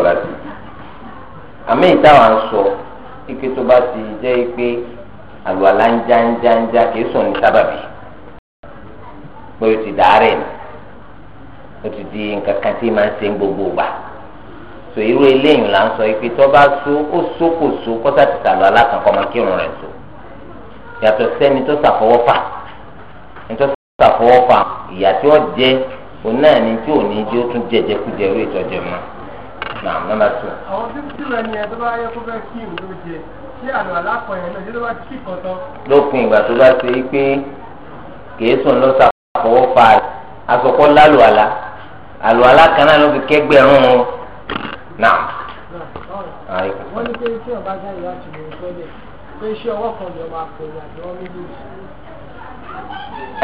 bá ti àmì ìtawà ń sọ ike tó bá ti jẹ́ pé àlùwàlá ń já ń já ń já kìí o ti dàárẹ̀ ni o ti di nǹkan kan tí máa ń gbogbo gbà so irú eléyìí là ń sọ ipe tó bá so ó so kò so kọ́sà ti so yàtọ̀ sẹ́ni tó sàfọwọ́fà ẹni tó sàfọwọ́fà ìyà tí ó jẹ òun náà ni tí ò ní jẹ́ ó tún náà nọ́mbà tù. àwọn tí tí lọ yẹn tó bá yẹ kó fẹ́ kí ìwé ló jẹ kí àlọ́ alákọ̀ yẹn náà ṣé ló bá kí kan tán. lópin ìgbà tó bá ṣe é pé kìí sùn ló ṣàfọwọ́ fa àsọkọ́ lálùwàlá àlùwàlá kan náà ló fi kẹ́gbẹ̀rún un náà. wọ́n ní pé tí ọba jáde láti mú un sọ́dẹ̀ pé iṣẹ́ ọwọ́ kan lè máa pè ní àdéhùn méjèèjì.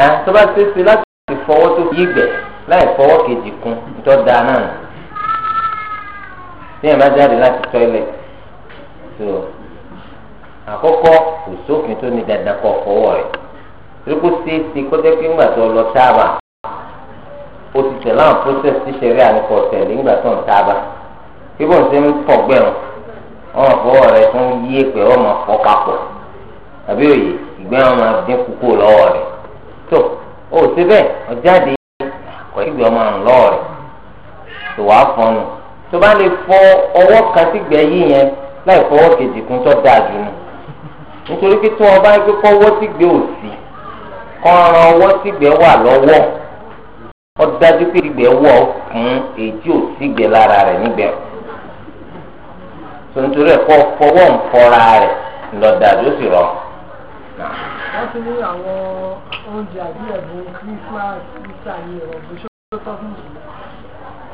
ẹ tó bá ṣe é ṣe láti fọwọ́ tó yí gbẹ̀ láì fọwọ́ kejì kún ìtọ́ da náà. téèyàn bá jáde láti tọ́ilẹ̀ tó àkọ́kọ́ kò sófin tó ní dandan kọ fọwọ́ rẹ̀ torípò ṣeéṣe kọjá pé ńgbà tó lọ táàbà o ti tẹ̀lé àwọn process ti ṣẹlẹ̀ àníkọ̀ tẹ̀lé ńgbà tó ń táàbà bíbọ̀ ń ṣe ń fọ̀gbẹ́rùn ọmọ fọwọ́ rẹ̀ yí èpè ọmọ àbí òye máa dín kúkú lọ́wọ́ rẹ̀ tó ṣe bẹ́ẹ̀ ọjáde ìgbẹ́ ọmọ tó bá lè fọ ọwọ́ kan sí gbẹ̀yìn yẹn láì fọwọ́ kejì kún tó dáa jù nù nítorí pé tí wọn bá ń kókó ọwọ́ sí gbẹ òsì kọ́ran ọwọ́ sí gbẹ wà lọ́wọ́ ó dájú pé gbẹ wọ̀ fún èjì òsì gbẹ lára rẹ̀ níbẹ̀ tó nítorí ẹ̀kọ́ fọwọ́ ń fọra rẹ̀ lọ́dàdó sì rọ. wọ́n ti ní àwọn oúnjẹ àbí ẹ̀bùn Christmas Easter yìí ọ̀gbìn ṣó tó tọ́ fún ìṣòro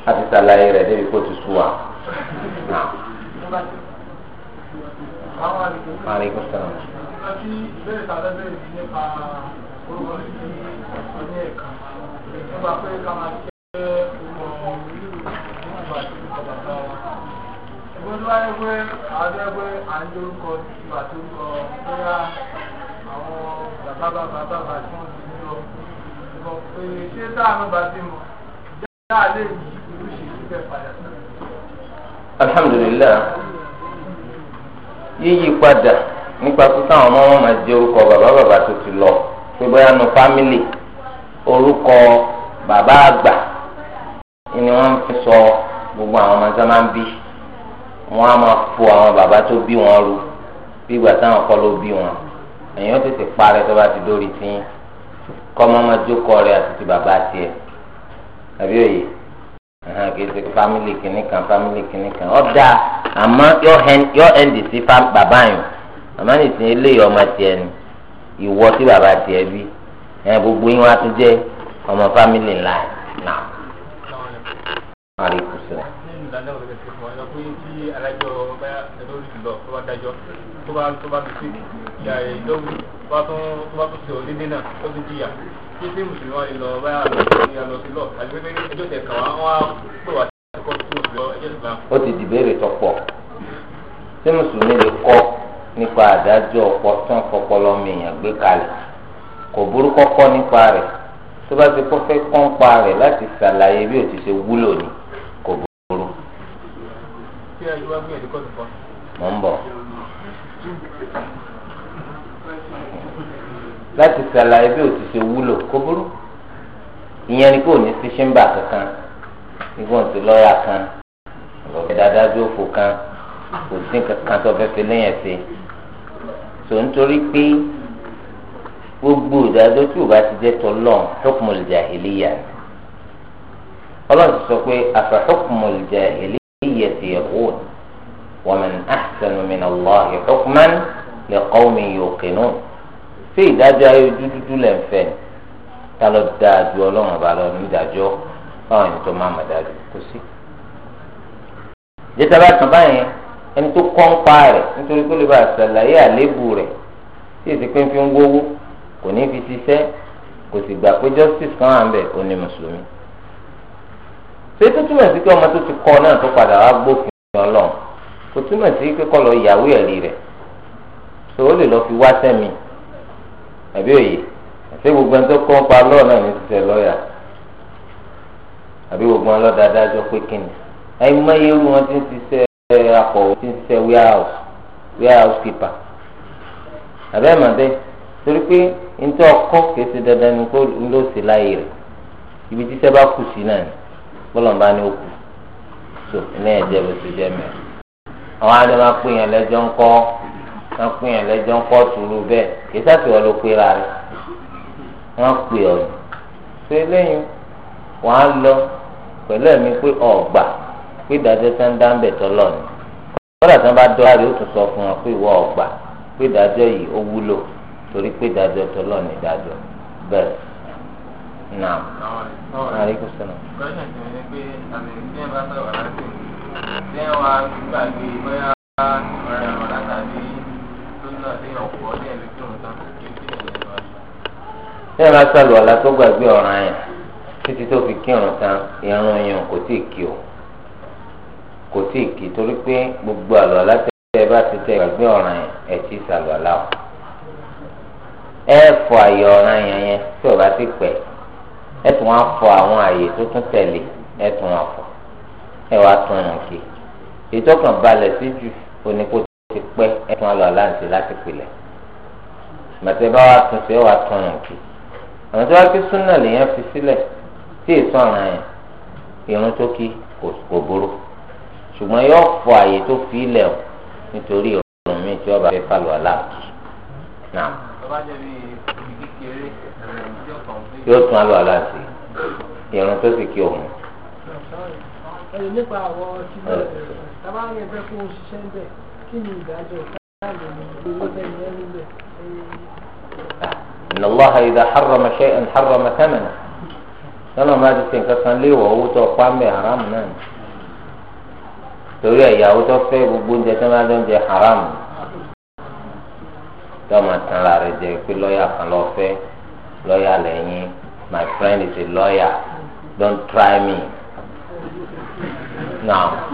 àti sàlàyé rẹ̀ débi kó ti sú wa. Aleykum salaam. Àti bẹ́ẹ̀ tàbí bẹ́ẹ̀ nípa orúkọ sí ọdún ẹ̀ka. Nípa pé ká máa jẹ́ orúkọ nígbà tí orúkọ bàbá wa. Ìgbọ́n tó wáyé pé àwọn ẹgbẹ́ à ń lórúkọ ìgbà tó ń kọ bóyá àwọn bàbá bàbá bàbá tí alhamdulilayi yíyí padà nípa pé káwọn ọmọ wọn máa jẹ orúkọ bàbá bàbá tó ti lọ pé bóyá nu fámìlì orúkọ bàbá àgbà ni wọn fi sọ gbogbo àwọn ọmọ sábà ń bí wọn á máa fo àwọn bàbá tó bí wọn ru bí ìgbà táwọn kọ́ ló bí wọn èèyàn tètè parẹ́ tó bá ti dórí tí kọ́ mọ́ máa jókòó rẹ̀ àti ti bàbá tiẹ̀ àbí òye ẹhàn kì í family kìíní kan family kìíní kan ọ̀dà àmọ́ yọ ẹ̀ǹdì sí bàbá yìí àmọ́ nìsín eléyìí ọmọ tiẹ̀ ni ìwọ sí bàbá tiẹ̀ bí ẹ̀ gbogbo yín wá tún jẹ́ ọmọ family ńlá náà. Aleykum salaam. Nínú ṣé bí mùsùlùmí wọn lè lọ báyà lọ sí lọ sí lọ àti pé ẹjọ́ tẹ̀ kàn wá wá pè wá sí kọ́ sí mùsùlùmí lọ ẹjọ́ ìsìlámù. ó ti dìbéèrè tọpọ ṣé mùsùlùmí lè kọ́ nípa àdájọ́ ọ̀pọ̀ tán fọpọlọ mi gbé kalẹ̀ kò burú kọ́kọ́ nípa rẹ̀ tó bá ti kọ́ fẹ́ kọ́ńpa rẹ̀ láti ṣàlàyé bí ó ti ṣe wúlò ni kò burú. mo ń bọ̀ láti ṣàlàyé bí òtún ṣe wúlò kó burú ìyẹn ni kò ní sí ṣẹ́ńbà kankan nígbà tí lọ́ọ̀yà kan ọ̀gá dáadáa bí òfò kan kò sí kankan tó fẹ́ fi lẹ́yìn ẹ̀sẹ̀ tó nítorí pé gbogbo ìdájọ́ tí ò bá ti jẹ́ tọ́lọ́ hukmul jahiliya ọlọ́run ti sọ pé afa hukmul jahiliya yabghun wa man ahsanu min Allahi hukman liqawmin yuqinun ṣé ìdájọ́ ayé ojú dúdú lẹ̀ ń fẹ́ ta lọ dáa ju ọlọ́run ọba lọ nídàájọ́ báwọn ẹni tó máa mọ̀ dájú kò sí. jẹ́tà bá tún báyẹn ẹni tó kọ́ ń pa rẹ̀ nítorí kó lè bá ṣàlàyé àléébù rẹ̀ tí èsì pé ń fi ń wówó kò ní fi ṣiṣẹ́ kò sì gbà pé justice kan wà ń bẹ̀ ó ní mùsùlùmí. ṣé tó túmọ̀ sí pé ọmọ tó ti kọ́ náà tó padà wá gbófin ọlọ́run kò túmọ̀ sí pé kọ́ lọ yàwó ẹ̀rí rẹ̀ ṣòwò lè lọ fi wá sẹ́mi àbí òye àti gbogbo ẹni tó kọ́ ń pa lọ́ọ̀ náà ní títẹ̀ lọ́ọ̀yà àbí gbogbo wọn lọ́ọ́ dáadáa jọ pé kíni ẹ̀yin mọ́yé irú wọn ti ń ṣiṣẹ́ akọ̀wé ti ń ṣiṣẹ́ warehouse warehouse keeper àbí ẹ̀ màdé torí pé ntọ́ ọkọ́ kìí ṣe dandan ni kó ló sì láàyè rẹ̀ ibi títẹ́ bá kù sí náà ni bọ́lọ̀mbá ni ó kù so ilé ẹ̀jẹ̀ bó ti jẹ́ mẹ́rin àwọn àdé máa pè yàn lẹ́jọ́ ńkọ́ wọ́n pín yàn lẹ́jọ́ ń kọ́ sùúrù bẹ́ẹ̀ kì í sáfì wọ́n ló pé ra rẹ̀ wọ́n pè ọ́ ṣé lẹ́yìn wọ́n á lọ pẹ̀lú ẹ̀mí pé ọ̀gbà pé ìdájọ́ tó ń dá ń bẹ̀ tọ́lọ̀ ni kọ́dà tó ń bá dọ́ra rẹ̀ ó tún sọ fún wọn pé ìwọ ọ̀gbà pé ìdájọ́ yìí ó wúlò torí pé ìdájọ́ tọ́lọ̀ ni ìdájọ́ bẹ́ẹ̀ náà. àríkù sọ̀nà. kọ́ńtà ti ní pé àmì ìdíyẹn bá sọ̀rọ̀ láti ìdíyẹn ní ẹ̀rọ asálù àlá tó gbàgbé ọ̀ràn yẹn títí tó fi kírun tán ìrun yẹn kò tí ì kí o kò tí ì kí torí pé gbogbo àlọ́ alátẹ̀tẹ̀ ẹ bá ti tẹ gbàgbé ọ̀ràn yẹn ẹ̀ tí sàlù àlá o ẹ fọ àyè ọ̀ràn yẹn yẹn tí o bá ti pẹ́ ẹ tún wá fọ àwọn àyè tó tún tẹ̀lé ẹ tún wá fọ ẹ wá tún un kí ètò balẹ̀ sí oníkó ti pẹ́ ẹtún alọ aláǹtí láti pilẹ̀ màtí bá wa tún sí ọ wa tún rìn kì àwọn tí wọ́n fi súnà lèèyàn fi sílẹ̀ tí èso ọ̀ràn yẹn irun tó kí kò burú ṣùgbọ́n yóò fọ àyè tó fi ilẹ̀ o nítorí ọ̀rùn mi tí wọ́n bá fẹ́ falọ aláǹtí náà. yóò tún alọ aláǹtí irun tó sì kí òun ẹ̀rọ nípa àwọn ọtí náà tábà ń yẹn fẹ́ kó o ṣiṣẹ́ ń bẹ̀ ìnáwó ìdá harama ṣe ń harama tẹ́mẹ̀nà lọ́nà máa ti ṣe nǹkan kan léèwọ̀ owó tó pa mẹ́ haram náà torí ẹ̀yàwó tó fẹ́ gbogbo oúnjẹ tó máa dán jẹ haram tó máa tan my friend is a lawyer don't try me now.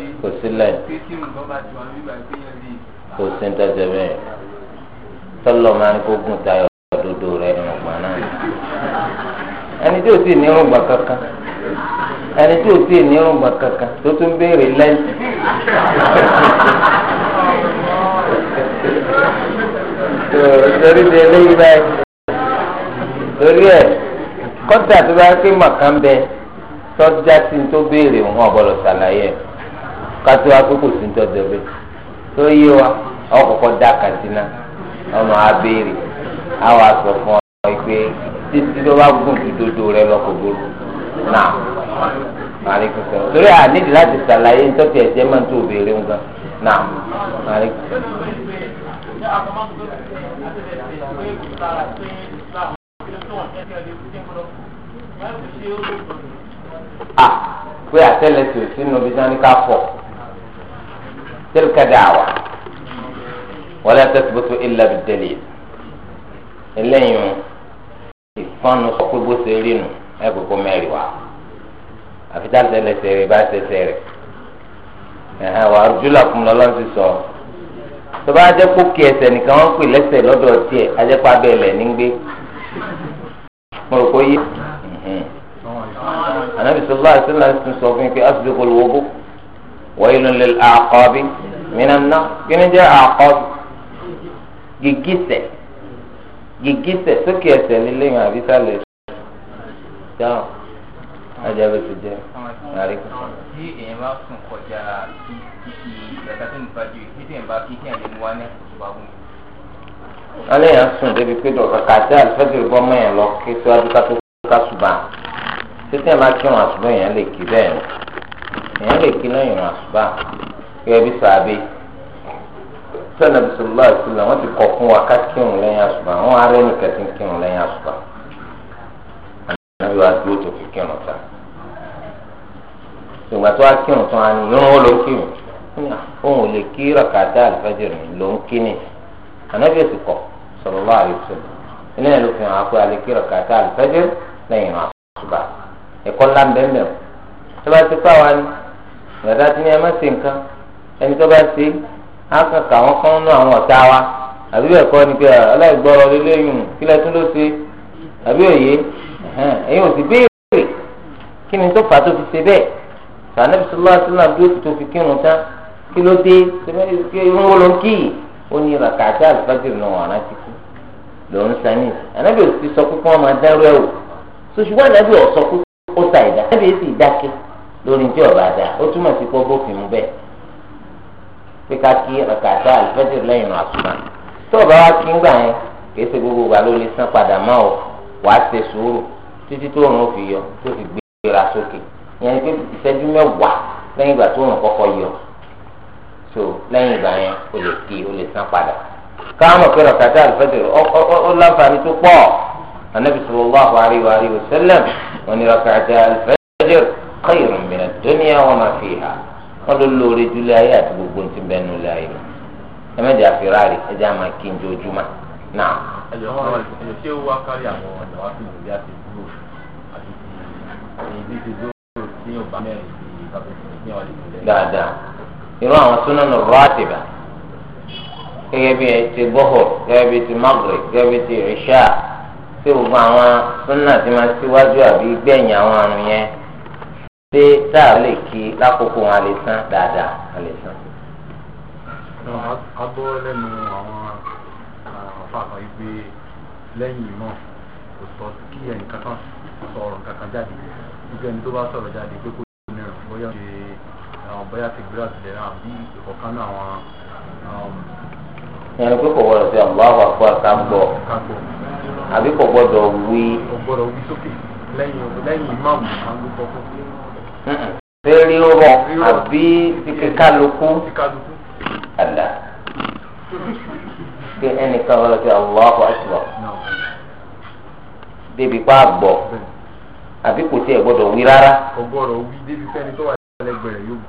kò sílẹ̀ kò sí ń tẹ́jẹ́ bẹ́ẹ̀ tọ́lọ̀ máa ń kó gùn tayọ òdodo rẹ̀ ọ̀gbà náà ẹni tí ò sì ní irùngbà kankan ẹni tí ò sì ní irùngbà kankan tó tún béèrè lẹ́ǹtì. [LAUGHS] torí de eléyìí báyìí torí ẹ kọ́ńtà tó bá ké màkà bẹ tọ́jà sí ní tó béèrè òun ọ̀bọ̀lọ̀ ṣàlàyé ẹ̀. kátó akókò si ń tọ́jọ́ bẹ́ẹ̀ to yi wa àwọn kọ̀kọ́ dá kàtínà ọmọ abéèrè àwọn aṣọ fún ọ pé titi tó bá gùn ju dodo rẹ lọ kò na náà maaleykum sọ torí à nídìí láti ṣàlàyé ń tọ́jú ẹ̀jẹ̀ máa ń tó béèrè ń gan náà maaleykum sọ. Ah, a pé àtẹ́lẹsẹ̀ sínú bí sanni ká fọ̀. تلك دعوة ولا تثبت إلا بالدليل eléyìn ìfọ́nù sọ pé bó ṣe rí nu ẹ kókó mẹ́rin wá àfi tá a tẹ̀lé sẹ̀rẹ̀ bá ṣe sẹ̀rẹ̀ ẹ̀hán wà rújúlà fún lọ́lọ́run ti sọ tó bá jẹ́ kókè ẹsẹ̀ nìkan wọ́n pè lẹ́sẹ̀ lọ́dọ̀ tiẹ̀ ajẹ́pá bẹ́ẹ̀ lẹ̀ ní gbé mo rò pé yé ànábìsọ̀ bá àṣẹ náà ti sọ fún mi pé àṣìṣe kò lówó bó wailun lil a'qabi minan nar kí ni jẹ́ a'qabi gìgísẹ̀ gìgísẹ̀ sókè ẹsẹ̀ lílé yẹn àbí sálẹ̀ dáhùn ajá bẹ ti jẹ nàrí kù. tí èèyàn bá sùn kọjá kìkì ìgbàgbà tó ń bá ju kí tí èèyàn bá kí kí èèyàn wá ní àtúntò àbúrò. wọ́n léèyàn sùn débi pé dọ̀kà kàtí àlùfẹ́jọ́ ìbọn mọ́ yẹn lọ kí síwájú ká tó ká sùn bá títí ẹ̀ máa kí wọn àtúntò yẹn lè kí bẹ́ẹ̀ èèyàn lè kí lẹ́yìn ìrìn àṣùbà gẹ́gẹ́ bí sàbẹ̀ sọ́nà bisimilá ìsìlẹ̀ wọ́n ti kọ́ fún wa ká kírun lẹ́yìn àṣùbà wọ́n arẹ́ nìkan ti kírun lẹ́yìn àṣùbà ànábi dúró tó fi kírun ta ìgbà tó wá kírun ló ń kírun ah, ò lè kí ló ń kí ni ànábi èsì kọ̀ sọ̀rọ̀lá àrísọ̀lẹ̀ ilé yẹn ló fi hàn ápẹ́ alẹ́ kí rọ̀kàdá àlùfájìrì lẹ́yìn àṣùbà ẹ̀kọ́ ńlá ń bẹ́ẹ̀ mẹ́rin tó bá ti pàwọn gbàdá tí ní ẹ má ṣe nǹkan ẹni tó bá ṣe á kàn kà wọ́n kán nú àwọn ọ̀tá wa àbí bẹ́ẹ̀ kọ́ ni pé aláìgbọ́rọ̀ lélẹ́yìn kílẹ̀ tún ló ṣe àbí òye ẹ̀yin ò sì béèrè kí ni tó fà á tó fi ṣe bẹ́ẹ̀ sànẹ́bí sọlá sílá dúró tó fi kírun tán kí ló dé irun wo ló ń kí ó ní ràkàtà àlùfáàjìrì náà wà láti kú lòún sani ànábì ò sì sọ pé kí wọ́n máa dárú ẹ̀ wò sọ ànábì ò sọ pé ó ta ìdá ànábì èsì ìdákẹ́ lórí ní tí ọba dá ó túmọ̀ sí pé bófin mu bẹ́ẹ̀ pé ká kí rakata alifẹ́tìrì lẹ́yìn àsùnmá tí ọba wa kí ń gbà yẹn kì í ṣe gbogbo wa ló lè san padà mọ́ ọ wàá ṣe sùúrù títí tó òun ó fi yọ tó fi gbéra sókè yẹn pé ìṣẹ́jú mẹ́wàá lẹ́yìn ìgbà tó òun kọ́kọ́ yọ so lẹ́yìn ìgbà yẹn o lè kí o lè san padà káwọn pé rakata alifẹ́tìrì ó láǹfààní tó pọ̀ anabi sallallahu alaihi wa alihi wa sallam wọn alifẹ́tìrì khair dúníyà wa ma fiha wọn ló lóore júlẹ̀ ayé gbogbo lọ àmà n wọn ó wá kárí àwọn àti àti ti dúró tí yóò bá mẹ́rin ti kàbẹ̀tì ní ìyàwó àti ìlú. dáadáa irú àwọn súnánù rọ́ọ̀tìbà gẹ́gẹ́ bí ti bọ́hùr gẹ́gẹ́ bí ti magrib gẹ́gẹ́ bí ti ìṣá tí gbogbo àwọn súnà pé tá a lè kí lákòókò wọn a lè san dáadáa a lè san. a gbọ́ lẹ́nu àwọn àfààfà yìí pé lẹ́yìn náà kò sọ kí ẹnì kankan sọ̀rọ̀ kankan jáde níbi ẹni tó bá sọ̀rọ̀ jáde pé kò ní ìrìn bóyá ṣe àwọn bóyá ti gbéra sílẹ̀ náà bí ìkọ̀kan náà àwọn. Um, ẹni pé kò wọlé sí ọ̀gbọ́n àwọn àpò àkàgbọ̀ àbí kò gbọ́dọ̀ wí. kò wí sókè lẹ́yìn lẹ́yìn fẹ́ẹ́rì rọ àbí kíkálukú àlà kí ẹnìkan wọlé fi Allahu Akbar débi pa àgbọ̀ àbí kò tiẹ̀ gbọ́dọ̀ wí rárá. ọgbọ́dọ̀ wí débi fẹ́ni tó wà lẹ́gbẹ̀rẹ̀ yóò.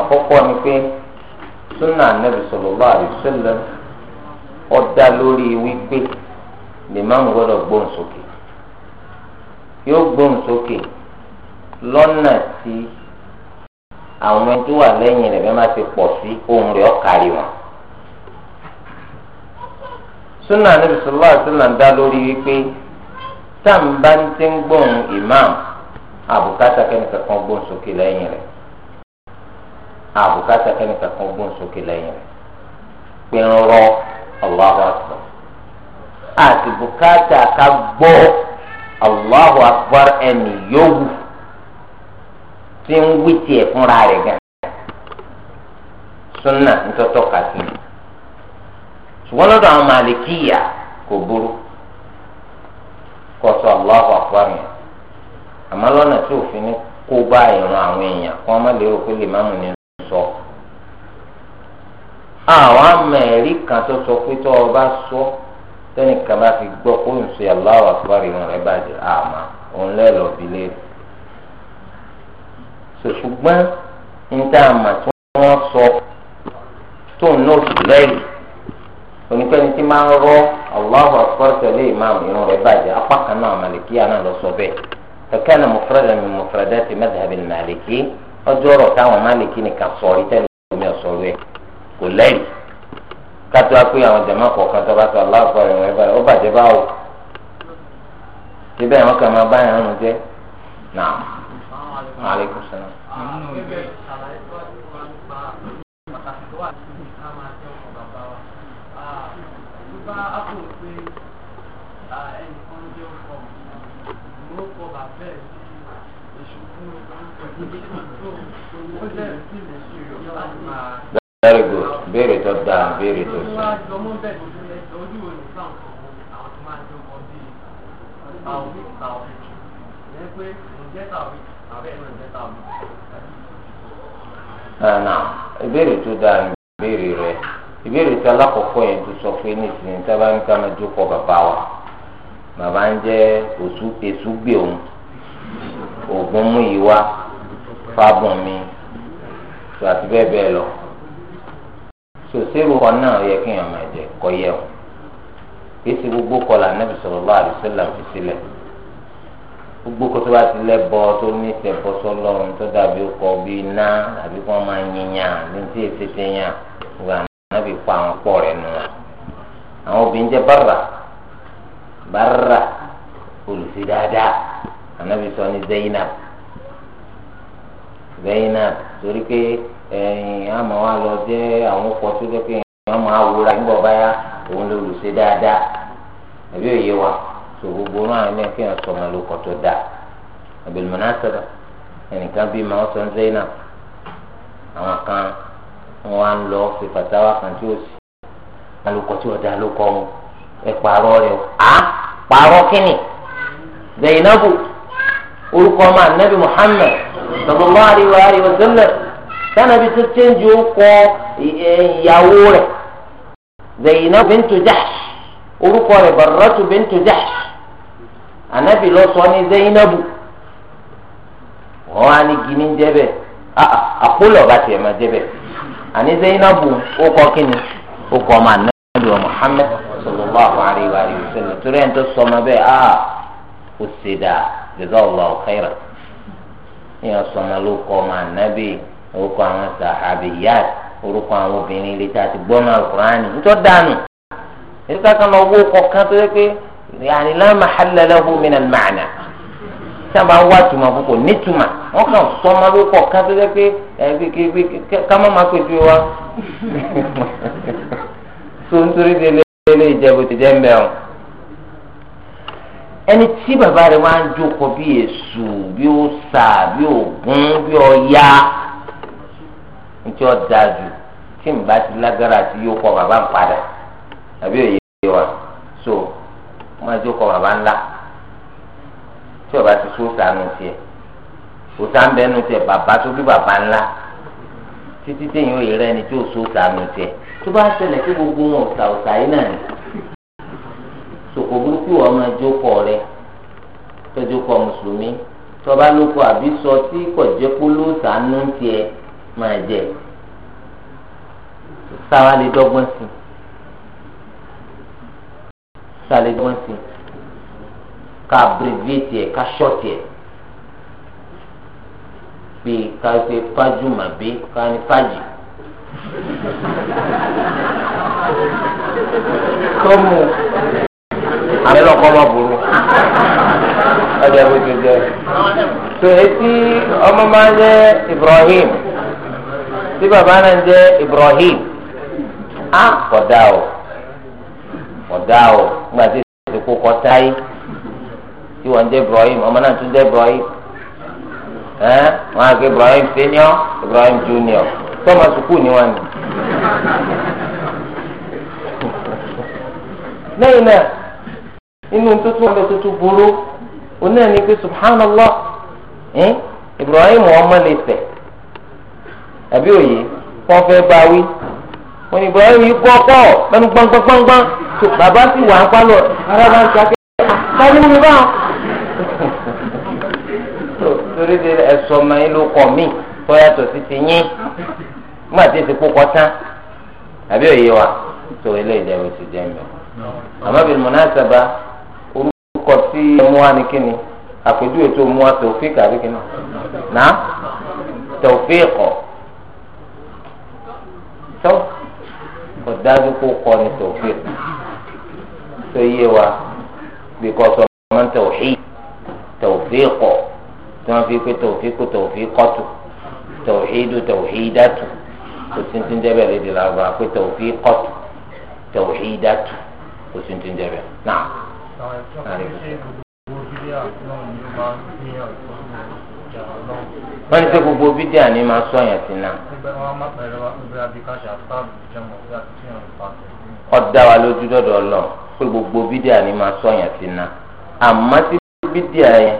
àkọ́kọ́ ni pé sunna anabi sallallahu alaihi wasallam ó lórí wípé lè má ń gbọ́dọ̀ gbóhùn sókè yóò gbóhùn sókè lọ́nà tí àwọn ẹni tó wà lẹ́yìn rẹ̀ bẹ́ẹ̀ máa ti pọ̀ sí ohun rẹ̀ ọ̀kàrí wọn. súnà níbi sọlá àtúnà dá lórí wípé táǹbá ń ti ń gbóhùn imam àbùkátà kẹ́nìkan kan gbóhùn sókè lẹ́yìn rẹ̀ àbùkátà kẹ́nìkan kan gbóhùn sókè lẹ́yìn rẹ̀ pé ń rọ Allahu Akbar àti bùkátà ká gbọ́ Allahu Akbar ẹni yóò wù. tí ń wí tiẹ̀ fúnra rẹ̀ gan súnà nítòtò kàtí ṣùgbọ́n lọ́dọ̀ àwọn màlìkíyà kò burú kò sọ Allahu akbar yẹn àmọ́ lọ́nà tí òfin ní kó bá ìran àwọn èèyàn kí wọ́n lérò pé lè má mú ni sọ. àwọn amẹ̀rí kan tó sọ pé tó sọ bá fi gbọ́ kó n ṣe Allahu akbar ìran rẹ̀ bàjẹ́ àmọ́ òun lẹ́ẹ̀lọ́ ṣùgbọ́n níta àmà tí wọ́n sọ tóun náà sì lẹ́yìn oníkẹ́ni tí máa ń rọ Allahu akbar ìmáàmù irun rẹ̀ bàjẹ́ apá kan náà màlìkíyà lọ sọ bẹ́ẹ̀ kẹ̀kẹ́ náà mufradan min mufradati madhhabil màlìkí ọjọ́ ọ̀rọ̀ táwọn màlìkí sọ kò lẹ́yìn kátó àwọn bá sọ rẹ̀ bàjẹ́ ó bàjẹ́ síbẹ̀ wọn Aleykum Very good. Very top down. Very top down. Eh, nana ìbéèrè tó dáa ní ìbéèrè rẹ ìbéèrè tó alákọ̀ọ́kọ́ yẹn tó sọ pé nísìnyí sábà ń kàmá jókòó bàbá wa bàbá ń jẹ́ èṣù gbé òun ògùn mú yìí wá fábùn mi tó àti bẹ́ẹ̀ bẹ́ẹ̀ lọ sòsèrò kan náà yẹ kí èèyàn máa jẹ kọ́ yẹ o kí esi gbogbo kọ́ nẹ́bí sallallahu alaihi wasallam fi sílẹ̀ gbogbo kó tó bá ti lẹ́bọ tó ní ìṣẹ̀bọ sọlọ́run tó dàbí ọkọ̀ bí iná àbí kí wọ́n máa yìnyàn ní tí èsì ti yàn wà náà fi pa àwọn pọ̀ rẹ̀ nù. àwọn obìnrin jẹ́ bàrà bàrà olùsí dáadáa ànábì sọ ní Zainab Zainab torí pé ẹ̀yìn àmọ́ wa lọ jẹ́ àwọn ọkọ̀ tó jẹ́ pé wọ́n máa wúra nígbà báyà òun lè olùsí dáadáa ẹ̀bí òye wa so gbogbo wọn àmì ẹ̀ kéèyàn sọ ọmọ lóko tó dáa àbẹ̀lùmọ́nà sọ̀rọ̀ ẹnìkan bíi màá sọ ń sẹ́yìn náà àwọn kan wọn wá ń lọ fi fàtàwà kan tí ó sì wọn lóko tí ó dáa lóko wọn ẹ pààrọ̀ rẹ o à pààrọ̀ kínní Zainabu orúkọ ọmọ anabi Muhammad sallallahu alaihi wa sallam sanabi tó chẹ́ǹjì ó kọ ìyàwó rẹ̀ Zainabu bintu Jahsh orúkọ rẹ̀ Barratu bintu Jahsh. anabi lọ sọ ní zainabu wọn á gini jẹbẹ ah, ah, àkólọ ọba tiẹ ma jẹbẹ àní zainabu ó kọ kíni ó kọ ọmọ anabi wa muhammed sallallahu alayhi wa sallam torí ẹni tó sọ ọmọ bẹ́ẹ̀ a ah, ó ṣe dà jazakallahu khairan ní ọsọmọ ló kọ ọmọ anabi orúkọ àwọn orúkọ àwọn obìnrin ti gbọ́ nítorí dànù èyí ká lọ wó kọ̀ọ̀kan tó yàní la mahalala lahu ma'ana al a wá tuma fún kò ní tuma wọn kàn sọmọ ló kọ ká tẹ́lẹ̀ pé ẹ wa [LAUGHS] so ti jẹ́ mbẹ́ o ẹni tí bàbá rẹ̀ wá ń jókòó bí èṣù bí ó sà bí ògún bí ọya níjọ́ dájú tí n bá ti lágbára tí yóò kọ́ bàbá padà so. máa jókòó bàbá ńlá tí ọba ti sún sànù tiẹ̀ òtá ń bẹnu tiẹ̀ bàbá tó bí bàbá ńlá títí téèyàn òye rẹ ni tí ò sún sànù tiẹ̀ tó bá ṣẹlẹ̀ kí gbogbo wọn ọ̀sà ọ̀sà yìí náà ni sòkò burúkú wọn máa jókòó rẹ tó mùsùlùmí tọba lóko àbí sọ tí kò jẹ́ kó ló sànù tiẹ̀ máa jẹ sáwá lè dọ́gbọ́n sí i sálẹ̀ gbọ́n sí ká abbreviate ẹ̀ ká short ẹ̀ pé ká pé fájùmọ̀bí ká ní fájì. tó mú àmì lọ́kọ́ mọ́ burú ọjà bó ti jẹ. tó etí ọmọ máa ń Ibrahim tí bàbá náà ń Ibrahim á kọ̀ dá o. ọ̀dà o nígbà tí ìsèkè kó kọ́ táyé tí wọ́n dé Ibrahim ọmọ náà tún dé Ibrahim ẹ́n wọ́n á gbé Ibrahim senior Ibrahim junior tọ́mọ ni wọ́n ní. lẹ́yìn náà inú tuntun ọ̀dọ̀ tuntun burú òun náà pé subhanallah Ibrahim ọmọ lè tẹ̀ àbí òye kọ́ fẹ́ wọn ni Ibrahim yìí gbọ́ pọ̀ mẹnu gbọ́ngbọ́ngbọ́ngbọ́n tó bàbá sì wà ń pálọ̀ ara bá ń sàkẹ́ sáré mi bá torí de ẹ̀sọ́ ọmọ yín ló kọ̀ mí tó yàtọ̀ sí ti yín nígbà tí èsì kó kọ́ tán àbí òye wa tó eléyìí lẹ́wọ̀ ti jẹ́ mi. àmọ́ bí mọ̀nàṣàbà orúkọ tí ẹmu wa ni kíni àpèjúwe tó mú wa tòfíìkì àbí kíni náà tòfíìkọ̀ ọ̀dájú kó kọ́ ni tòfin tó yé wa bí kò sọ ọmọ tòfin tòfin kọ tí wọ́n fi pé tòfin kó tòfin kọ́tù tòfin dù tòfin dàtù kò sí ti ń jẹ́ làwọn bá pé tòfin kọ́tù tòfin dàtù kò sí ti náà wọ́n ní sẹ́ gbogbo bídíà ni máa sọ yẹn sí náà. ọ̀dà wa lójú dọ̀dọ̀ lọ pé gbogbo bídíà ni máa sọ yẹn sí náà àmọ́ tí bídíà yẹn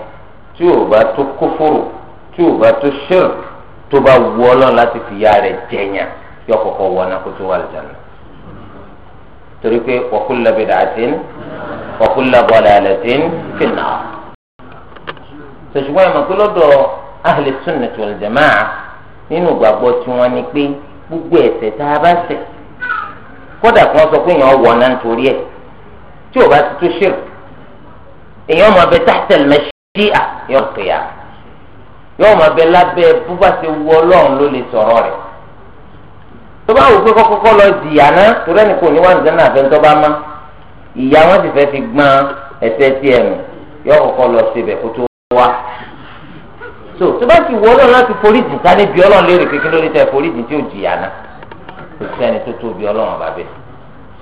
tí ò bá tó kófòrò tí ò bá tó ṣẹ́rù tó bá wù ọ́ lọ́n láti fi ya rẹ̀ jẹ̀yàn yọ kọ̀kọ́ wọ ọ́nà kó tó wà lùjànnà. torí pé wa kullu bid'atin wa kullu dalalatin fin nar. sọ̀tùmọ́ ẹ̀ mọ̀ pé lọ́dọ̀ ahli sunnati wal jama'a nínú ìgbàgbọ́ tí wọ́n ní pé gbogbo ẹ̀ṣẹ̀ tá a bá ṣẹ̀ kódà kí wọ́n sọ pé èèyàn wọ̀ náà nítorí ẹ̀ tí ò bá ti tó ṣe èèyàn máa bẹ tahtal mashia yawm qiyamah yóò máa bẹ lábẹ́ bó bá ṣe wù Ọlọ́run ló lè sọ̀rọ̀ rẹ̀ tó bá wù pé kọ́kọ́kọ́ lọ jìyà náà torí ẹni kò ní wà nìkan náà fẹ́ntọ́ bá má ìyá wọn sì fẹ́ fi gbọ́n ẹsẹ̀ tí ẹnu yóò kọ́kọ́ lọ síbẹ̀ kó tó so tó bá ti wọ ọlọ́run láti forí jì ká níbi ọlọ́run léèrè pé kí ló dé tẹ forí jì tí ò jìyà náà kò sẹ́ni tó tóbi ọlọ́run ọba bẹ́ẹ̀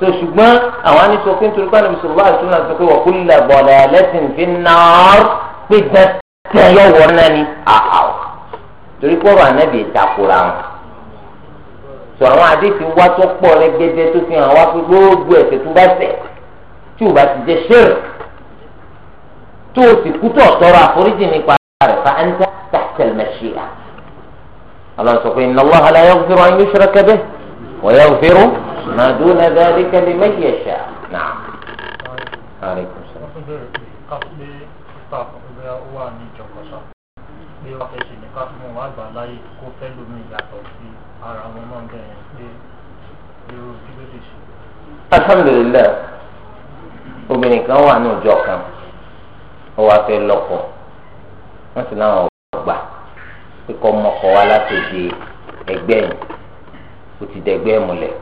so ṣùgbọ́n àwọn á ní sọ pé nítorí pàdé mùsùlùmí wà lóṣù náà sọ pé wọ́n kú lẹ̀ bọ̀lẹ̀ lẹ́sìn fi náà pé dẹ́tẹ̀ yọ náà ni àhàó torí pé ọ̀rọ̀ ànábì ìtakùrà wọn sọ àwọn àdéhùn wá tó pọ̀ rẹ́gẹ́dẹ́ tó fi hàn wá pé gbogbo ẹ̀ṣẹ̀ tó bá ṣẹ̀ tí ò bá ti jẹ́ ṣẹ́rẹ̀ tó o sì kú tọ̀ tọrọ àforíjì nípa rẹ̀ fa anta tahta al-mashi'a Allah sọ pé inna Allaha la yaghfiru an yushraka bihi wa yaghfiru ma duna dhalika liman yasha na'am. pé wọ́n fẹ́ ṣe nìkan fún wọn àgbà láyé kó fẹ́ lómi ìyàtọ̀ sí náà bẹ̀rẹ̀ pé irú alhamdulilayi obìnrin kan wà ní ọjọ́ kan ó wàá fẹ́ lọ́kọ̀ọ́ wọ́n sì láwọn ọ̀gbà pé kọ́ mọ́kọ wa láti di ẹgbẹ́ yìí ó ti dẹgbẹ́ múlẹ̀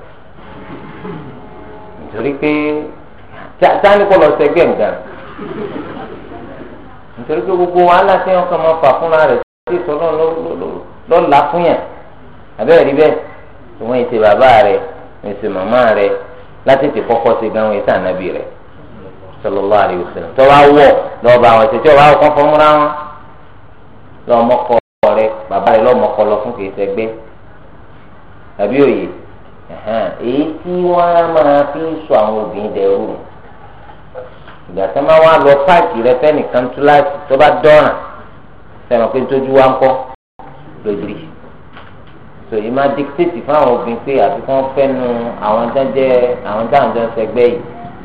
nítorí pé táni kọ́ lọ sẹ́gbẹ́ nǹkan nítorí pé gbogbo wàhálà tí wọn kàn máa fà fúnra rẹ̀ sí ìsọlọ́ lọ́la fún yàn abẹ́rẹ́ rí bẹ́ẹ̀ tí wọ́n ti bàbá rẹ̀ èsì màmá rẹ̀ láti ti kọ́kọ́ sí gan wọn èsì ànábì rẹ̀ sallallahu alaihi wasallam tọ́wọ́ wọ̀ lọ́ọ́ bá wọn ṣe tí ọba àwọn kan fọmúra wọn lọmọkọ rẹ bàbá rẹ lọmọkọ lọ fún kìí sẹgbẹ àbí òye èyí tí wọn á máa fi sọ àwọn obìnrin dẹrù ìgbà tí wọn wá lọ páàkì rẹ fẹnìkan tó tó bá dọ́ràn sẹ́wọ̀n pé tójú wa ń kọ́ lójú so yìí máa dictate fún àwọn obìnrin pé àti kí wọ́n fẹ́nu àwọn jẹ́ àwọn táwọn jọ ń sẹgbẹ́ yìí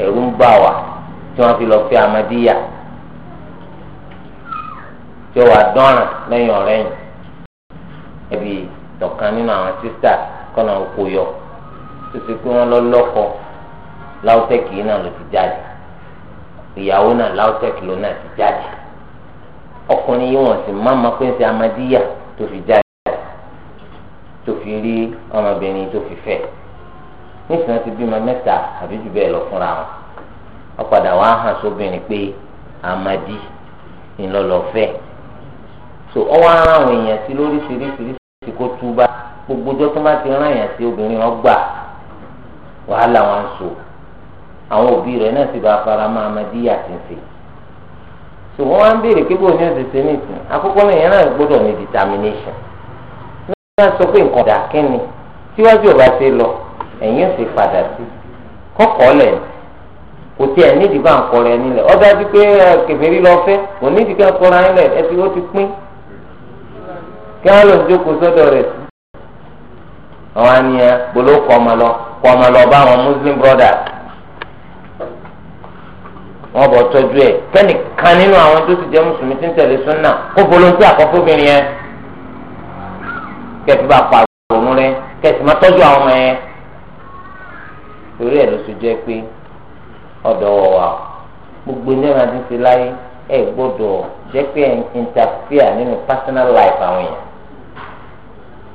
ẹ̀rú ń bà wá tí wọ́n fi lọ fẹ́ amadíyà. tí wàá dọ́ràn lẹ́yìn ọ̀rẹ́ yìí ẹbí dọ̀kan nínú àwọn sísá kọ́nà oko yọ pé wọ́n lọ lọ́kọ láwùtẹ́kì náà ló ti jáde ìyàwó náà láwùtẹ́kì ló náà ti jáde ọkùnrin yìí wọ́n fi jáde tó fi rí ọmọbìnrin tó fi fẹ́ bímọ mẹ́ta àbí jù bẹ́ẹ̀ lọ fúnra wọn ọ̀padà wàá hàn sóbìnrin pé so ọwọ́ ara àwọn èèyàn sí lóríṣiríṣiríṣi kó túbá gbogbo ọjọ́ tó bá ti rán èèyàn sí obìnrin wọn gbà wàhálà wọn so àwọn òbí rẹ̀ náà sì bá fara mọ́ amadíyà ti ń ṣe so wọ́n wá ń béèrè pé bóun ní oṣù ṣe ní ìsìn àkọ́kọ́ náà èèyàn náà gbọ́dọ̀ ní determination náà sọ pé nǹkan dà kínni síwájú ọba ṣe lọ ẹ̀yìn ò sì padà sí kọ́kọ́ lẹ̀ ní kò tí ẹ nídìí bá ń kọrọ ẹ nílẹ̀ ọdọ àti pé kẹfẹrí lọ fẹ kò nídìí ká kọrọ ẹ nílẹ̀ ẹ ti ó ti pín kí wọn lọ jókòó sọ́dọ̀ rẹ̀ àwọn àníyàn gbolo kọmọ lọ kọmọ lọ bá àwọn muslim brothers wọn bọ ọtọju ẹ kẹ́nìkan nínú àwọn tó ti jẹ́ mùsùlùmí tí ń tẹ̀lé súnà ó bolonti àkọ́kọ́ obìnrin yẹn bá pa àrùn rẹ̀ kẹsì má tọ́jú àwọn ọmọ yẹn torí ẹ ló sọ jẹ́ gbogbo ní ẹran ti ti láyé ẹ pé ẹ ń interfere nínú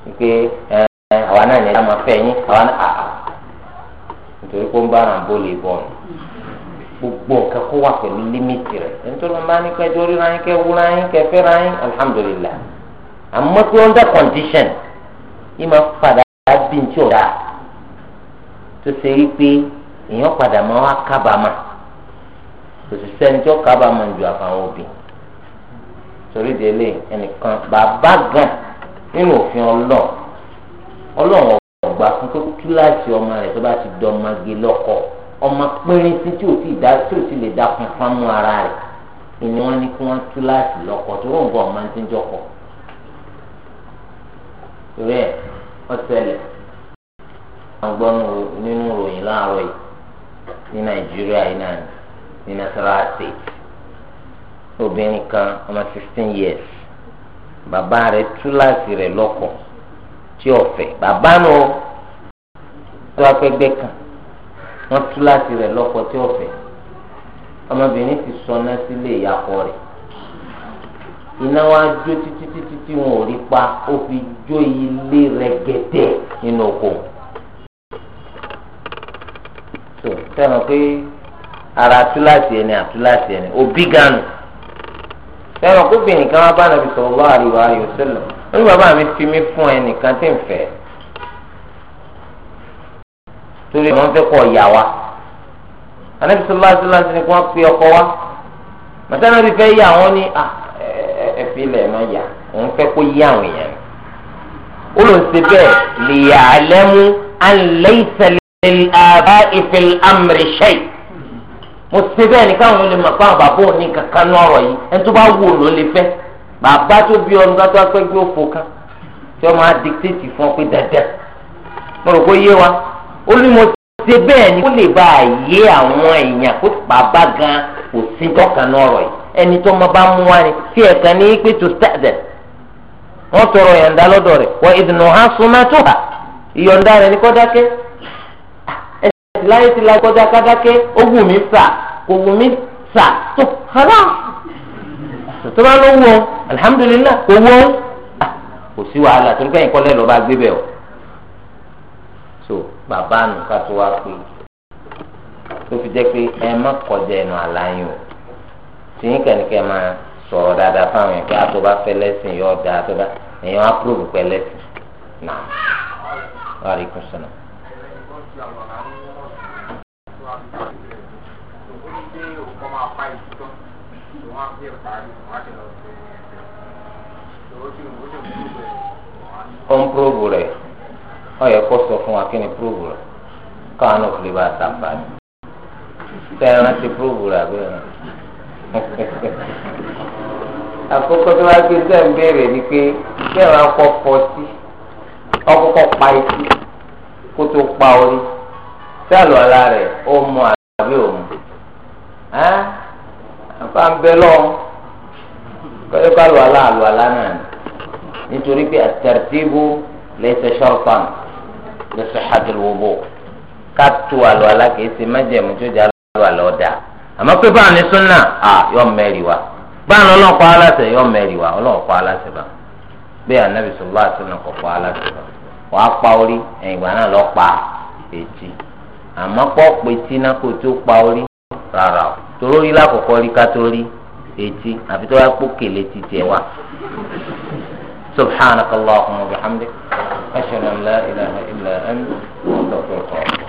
wípé àwa náà ní ẹ máa fẹ́ yín àwa náà àà nítorí pé ó ń bá ara bó lè bọ̀ gbogbo nǹkan kó wà pẹ̀lú límìtì rẹ̀ nítorí wọn bá ní kẹ́ jórí ra yín kẹ́ wúra yín kẹ́ fẹ́ra yín alhamdulillah àmọ́ tí wọ́n condition yìí máa padà bí n tí ò dáa tó ṣe rí pé èèyàn padà máa wá kábàámọ̀ kò sì sẹ́ni tí ó kábàámọ̀ ju àfàwọn òbí torí délé ẹnìkan bàbá gan nínú òfin ọlọ́ọ̀ ọlọ́ọ̀ ọgbà fún tó kíláàsì ọmọ rẹ̀ tó bá ti dọ́mọge lọ́kọ ọmọ pínrín sí tí ò sì lè dá funfun mú ara rẹ̀ ìní wọn ní kí wọ́n kíláàsì lọ́kọ tó wọ́n gbọ́ ọmọ ti ń jọkọ̀ torí ẹ̀ ọ̀sẹ̀lẹ̀ wọ́n gbọ́ nínú ròyìn láàárọ̀ yìí ní nàìjíríà yìí náà ní nasarawa state obìnrin kan ọmọ sixteen years. bàbá rẹ̀ túláàsì rẹ̀ lọ́kọ tí ọ̀fẹ́ bàbá nù tó akẹgbẹ́ kan wọ́n túláàsì rẹ̀ lọ́kọ tí ọ̀fẹ́ ọmọbìnrin ti sọná sílé ìyàkọ rẹ iná wa jó títí títí tí wọn ò rí pa ó fi jó ilé rẹ̀ gẹ̀dẹ̀ nínú oko tó sẹ́wọ̀n pé ara túláàsì ẹni ẹni òbí ganu. ẹ̀rọ kóbìnrin kan wá bá nàbì sallallahu alaihi wa sallam ó ní bàbá mi fi mí fún ẹnìkan tí ń fẹ́ torí wọn fẹ́ kọ́ ìyá wa anabi sallallahu alaihi wa sallam ni kí wọ́n pe ọkọ wa màtá náà ti fẹ́ yá àwọn ní ah, ẹ̀fí lẹ̀ máa yá òun fẹ́ kó yá àwọn èèyàn ó lọ sí bẹ́ẹ̀ liya'lamu an laysa lil aba'i fil amri shay'. mo ṣe bẹ́ẹ̀ ni káwọn olè mọ̀ pé bàbá òní kankan ní ọ̀rọ̀ yìí ẹni tó bá wù ló lè fẹ́ bàbá ọ pé dandan mo rò pé yé wa ó ní mo bẹ́ẹ̀ ni lè bá wa ni tí ẹ̀ka ní pé to start them wọ́n tọrọ lọ́dọ̀ rẹ̀ wọ́n ìdùnnú súnmọ́ láyé ti la kọjá kádáké ó wù mí fà kò wù mí fà tó hàrà tó bá ló wù ọ́ alihamudulilayi kò wù ọ́ ah, kò sí wàhálà torí pẹ́yìn kọ́lẹ́ lọ́ba gbé bẹ́ẹ̀ o so bàbá nù ká tó wá pé tó fi jẹ́ pé ẹ má kọjá ẹnu àlàyé o tí yín kẹ́nìkẹ́ máa sọ̀rọ̀ dáadáa fáwọn yẹn pé àtọ́ba fẹ́ lẹ́sìn yọ ọ̀dà àtọ́ba èèyàn approve pẹ́ lẹ́sìn náà wàhálà ikú sọ̀nà. máa pa ìlú tán tó wọ́n á fi parí wọ́n á ti lọ sí ẹgbẹ́ tó ó sì ó sì ń púrò rẹ̀. ó ń púrò rẹ̀ ó yẹ kó sọ fún wa kí ni púrò rẹ̀ káwọn náà fi lè bá a sàǹfà ni tẹ ẹ rántí púrò rẹ̀ àbẹ́ rẹ̀ àkókò tó wá gbé sẹ́ ń béèrè ni pé bẹ́ẹ̀ wá kọ́ pọ̀ sí ọkọ̀ pa etí kó tó pa orí sẹ́ẹ̀lù ọ̀la rẹ̀ ó mọ àbí òun. ẹ afa ń bẹ lọ kọ́yọ́ ká lu àlá àlù àlá náà nítorí pé àtẹ̀rẹ̀tìbù lẹ́sẹ̀ ṣọ́ọ̀fàn lẹ́sẹ̀ ṣàtìlúwòbò ká tu àlù àlá kìí ṣe mẹ́jẹ̀mú tó jà lù àlọ́ àmọ́ pé ní à yọ mẹ́rì wa aláṣẹ yọ mẹ́rì wa aláṣẹ bá bẹ́ẹ̀ rárá o toró rí lákòókò rí kátó rí etí àfi tó bá kó kèlè ti tiẹ̀ wá. subhanakallahumma wa bihamdik ashhadu an la ilaha illa anta astaghfiruka.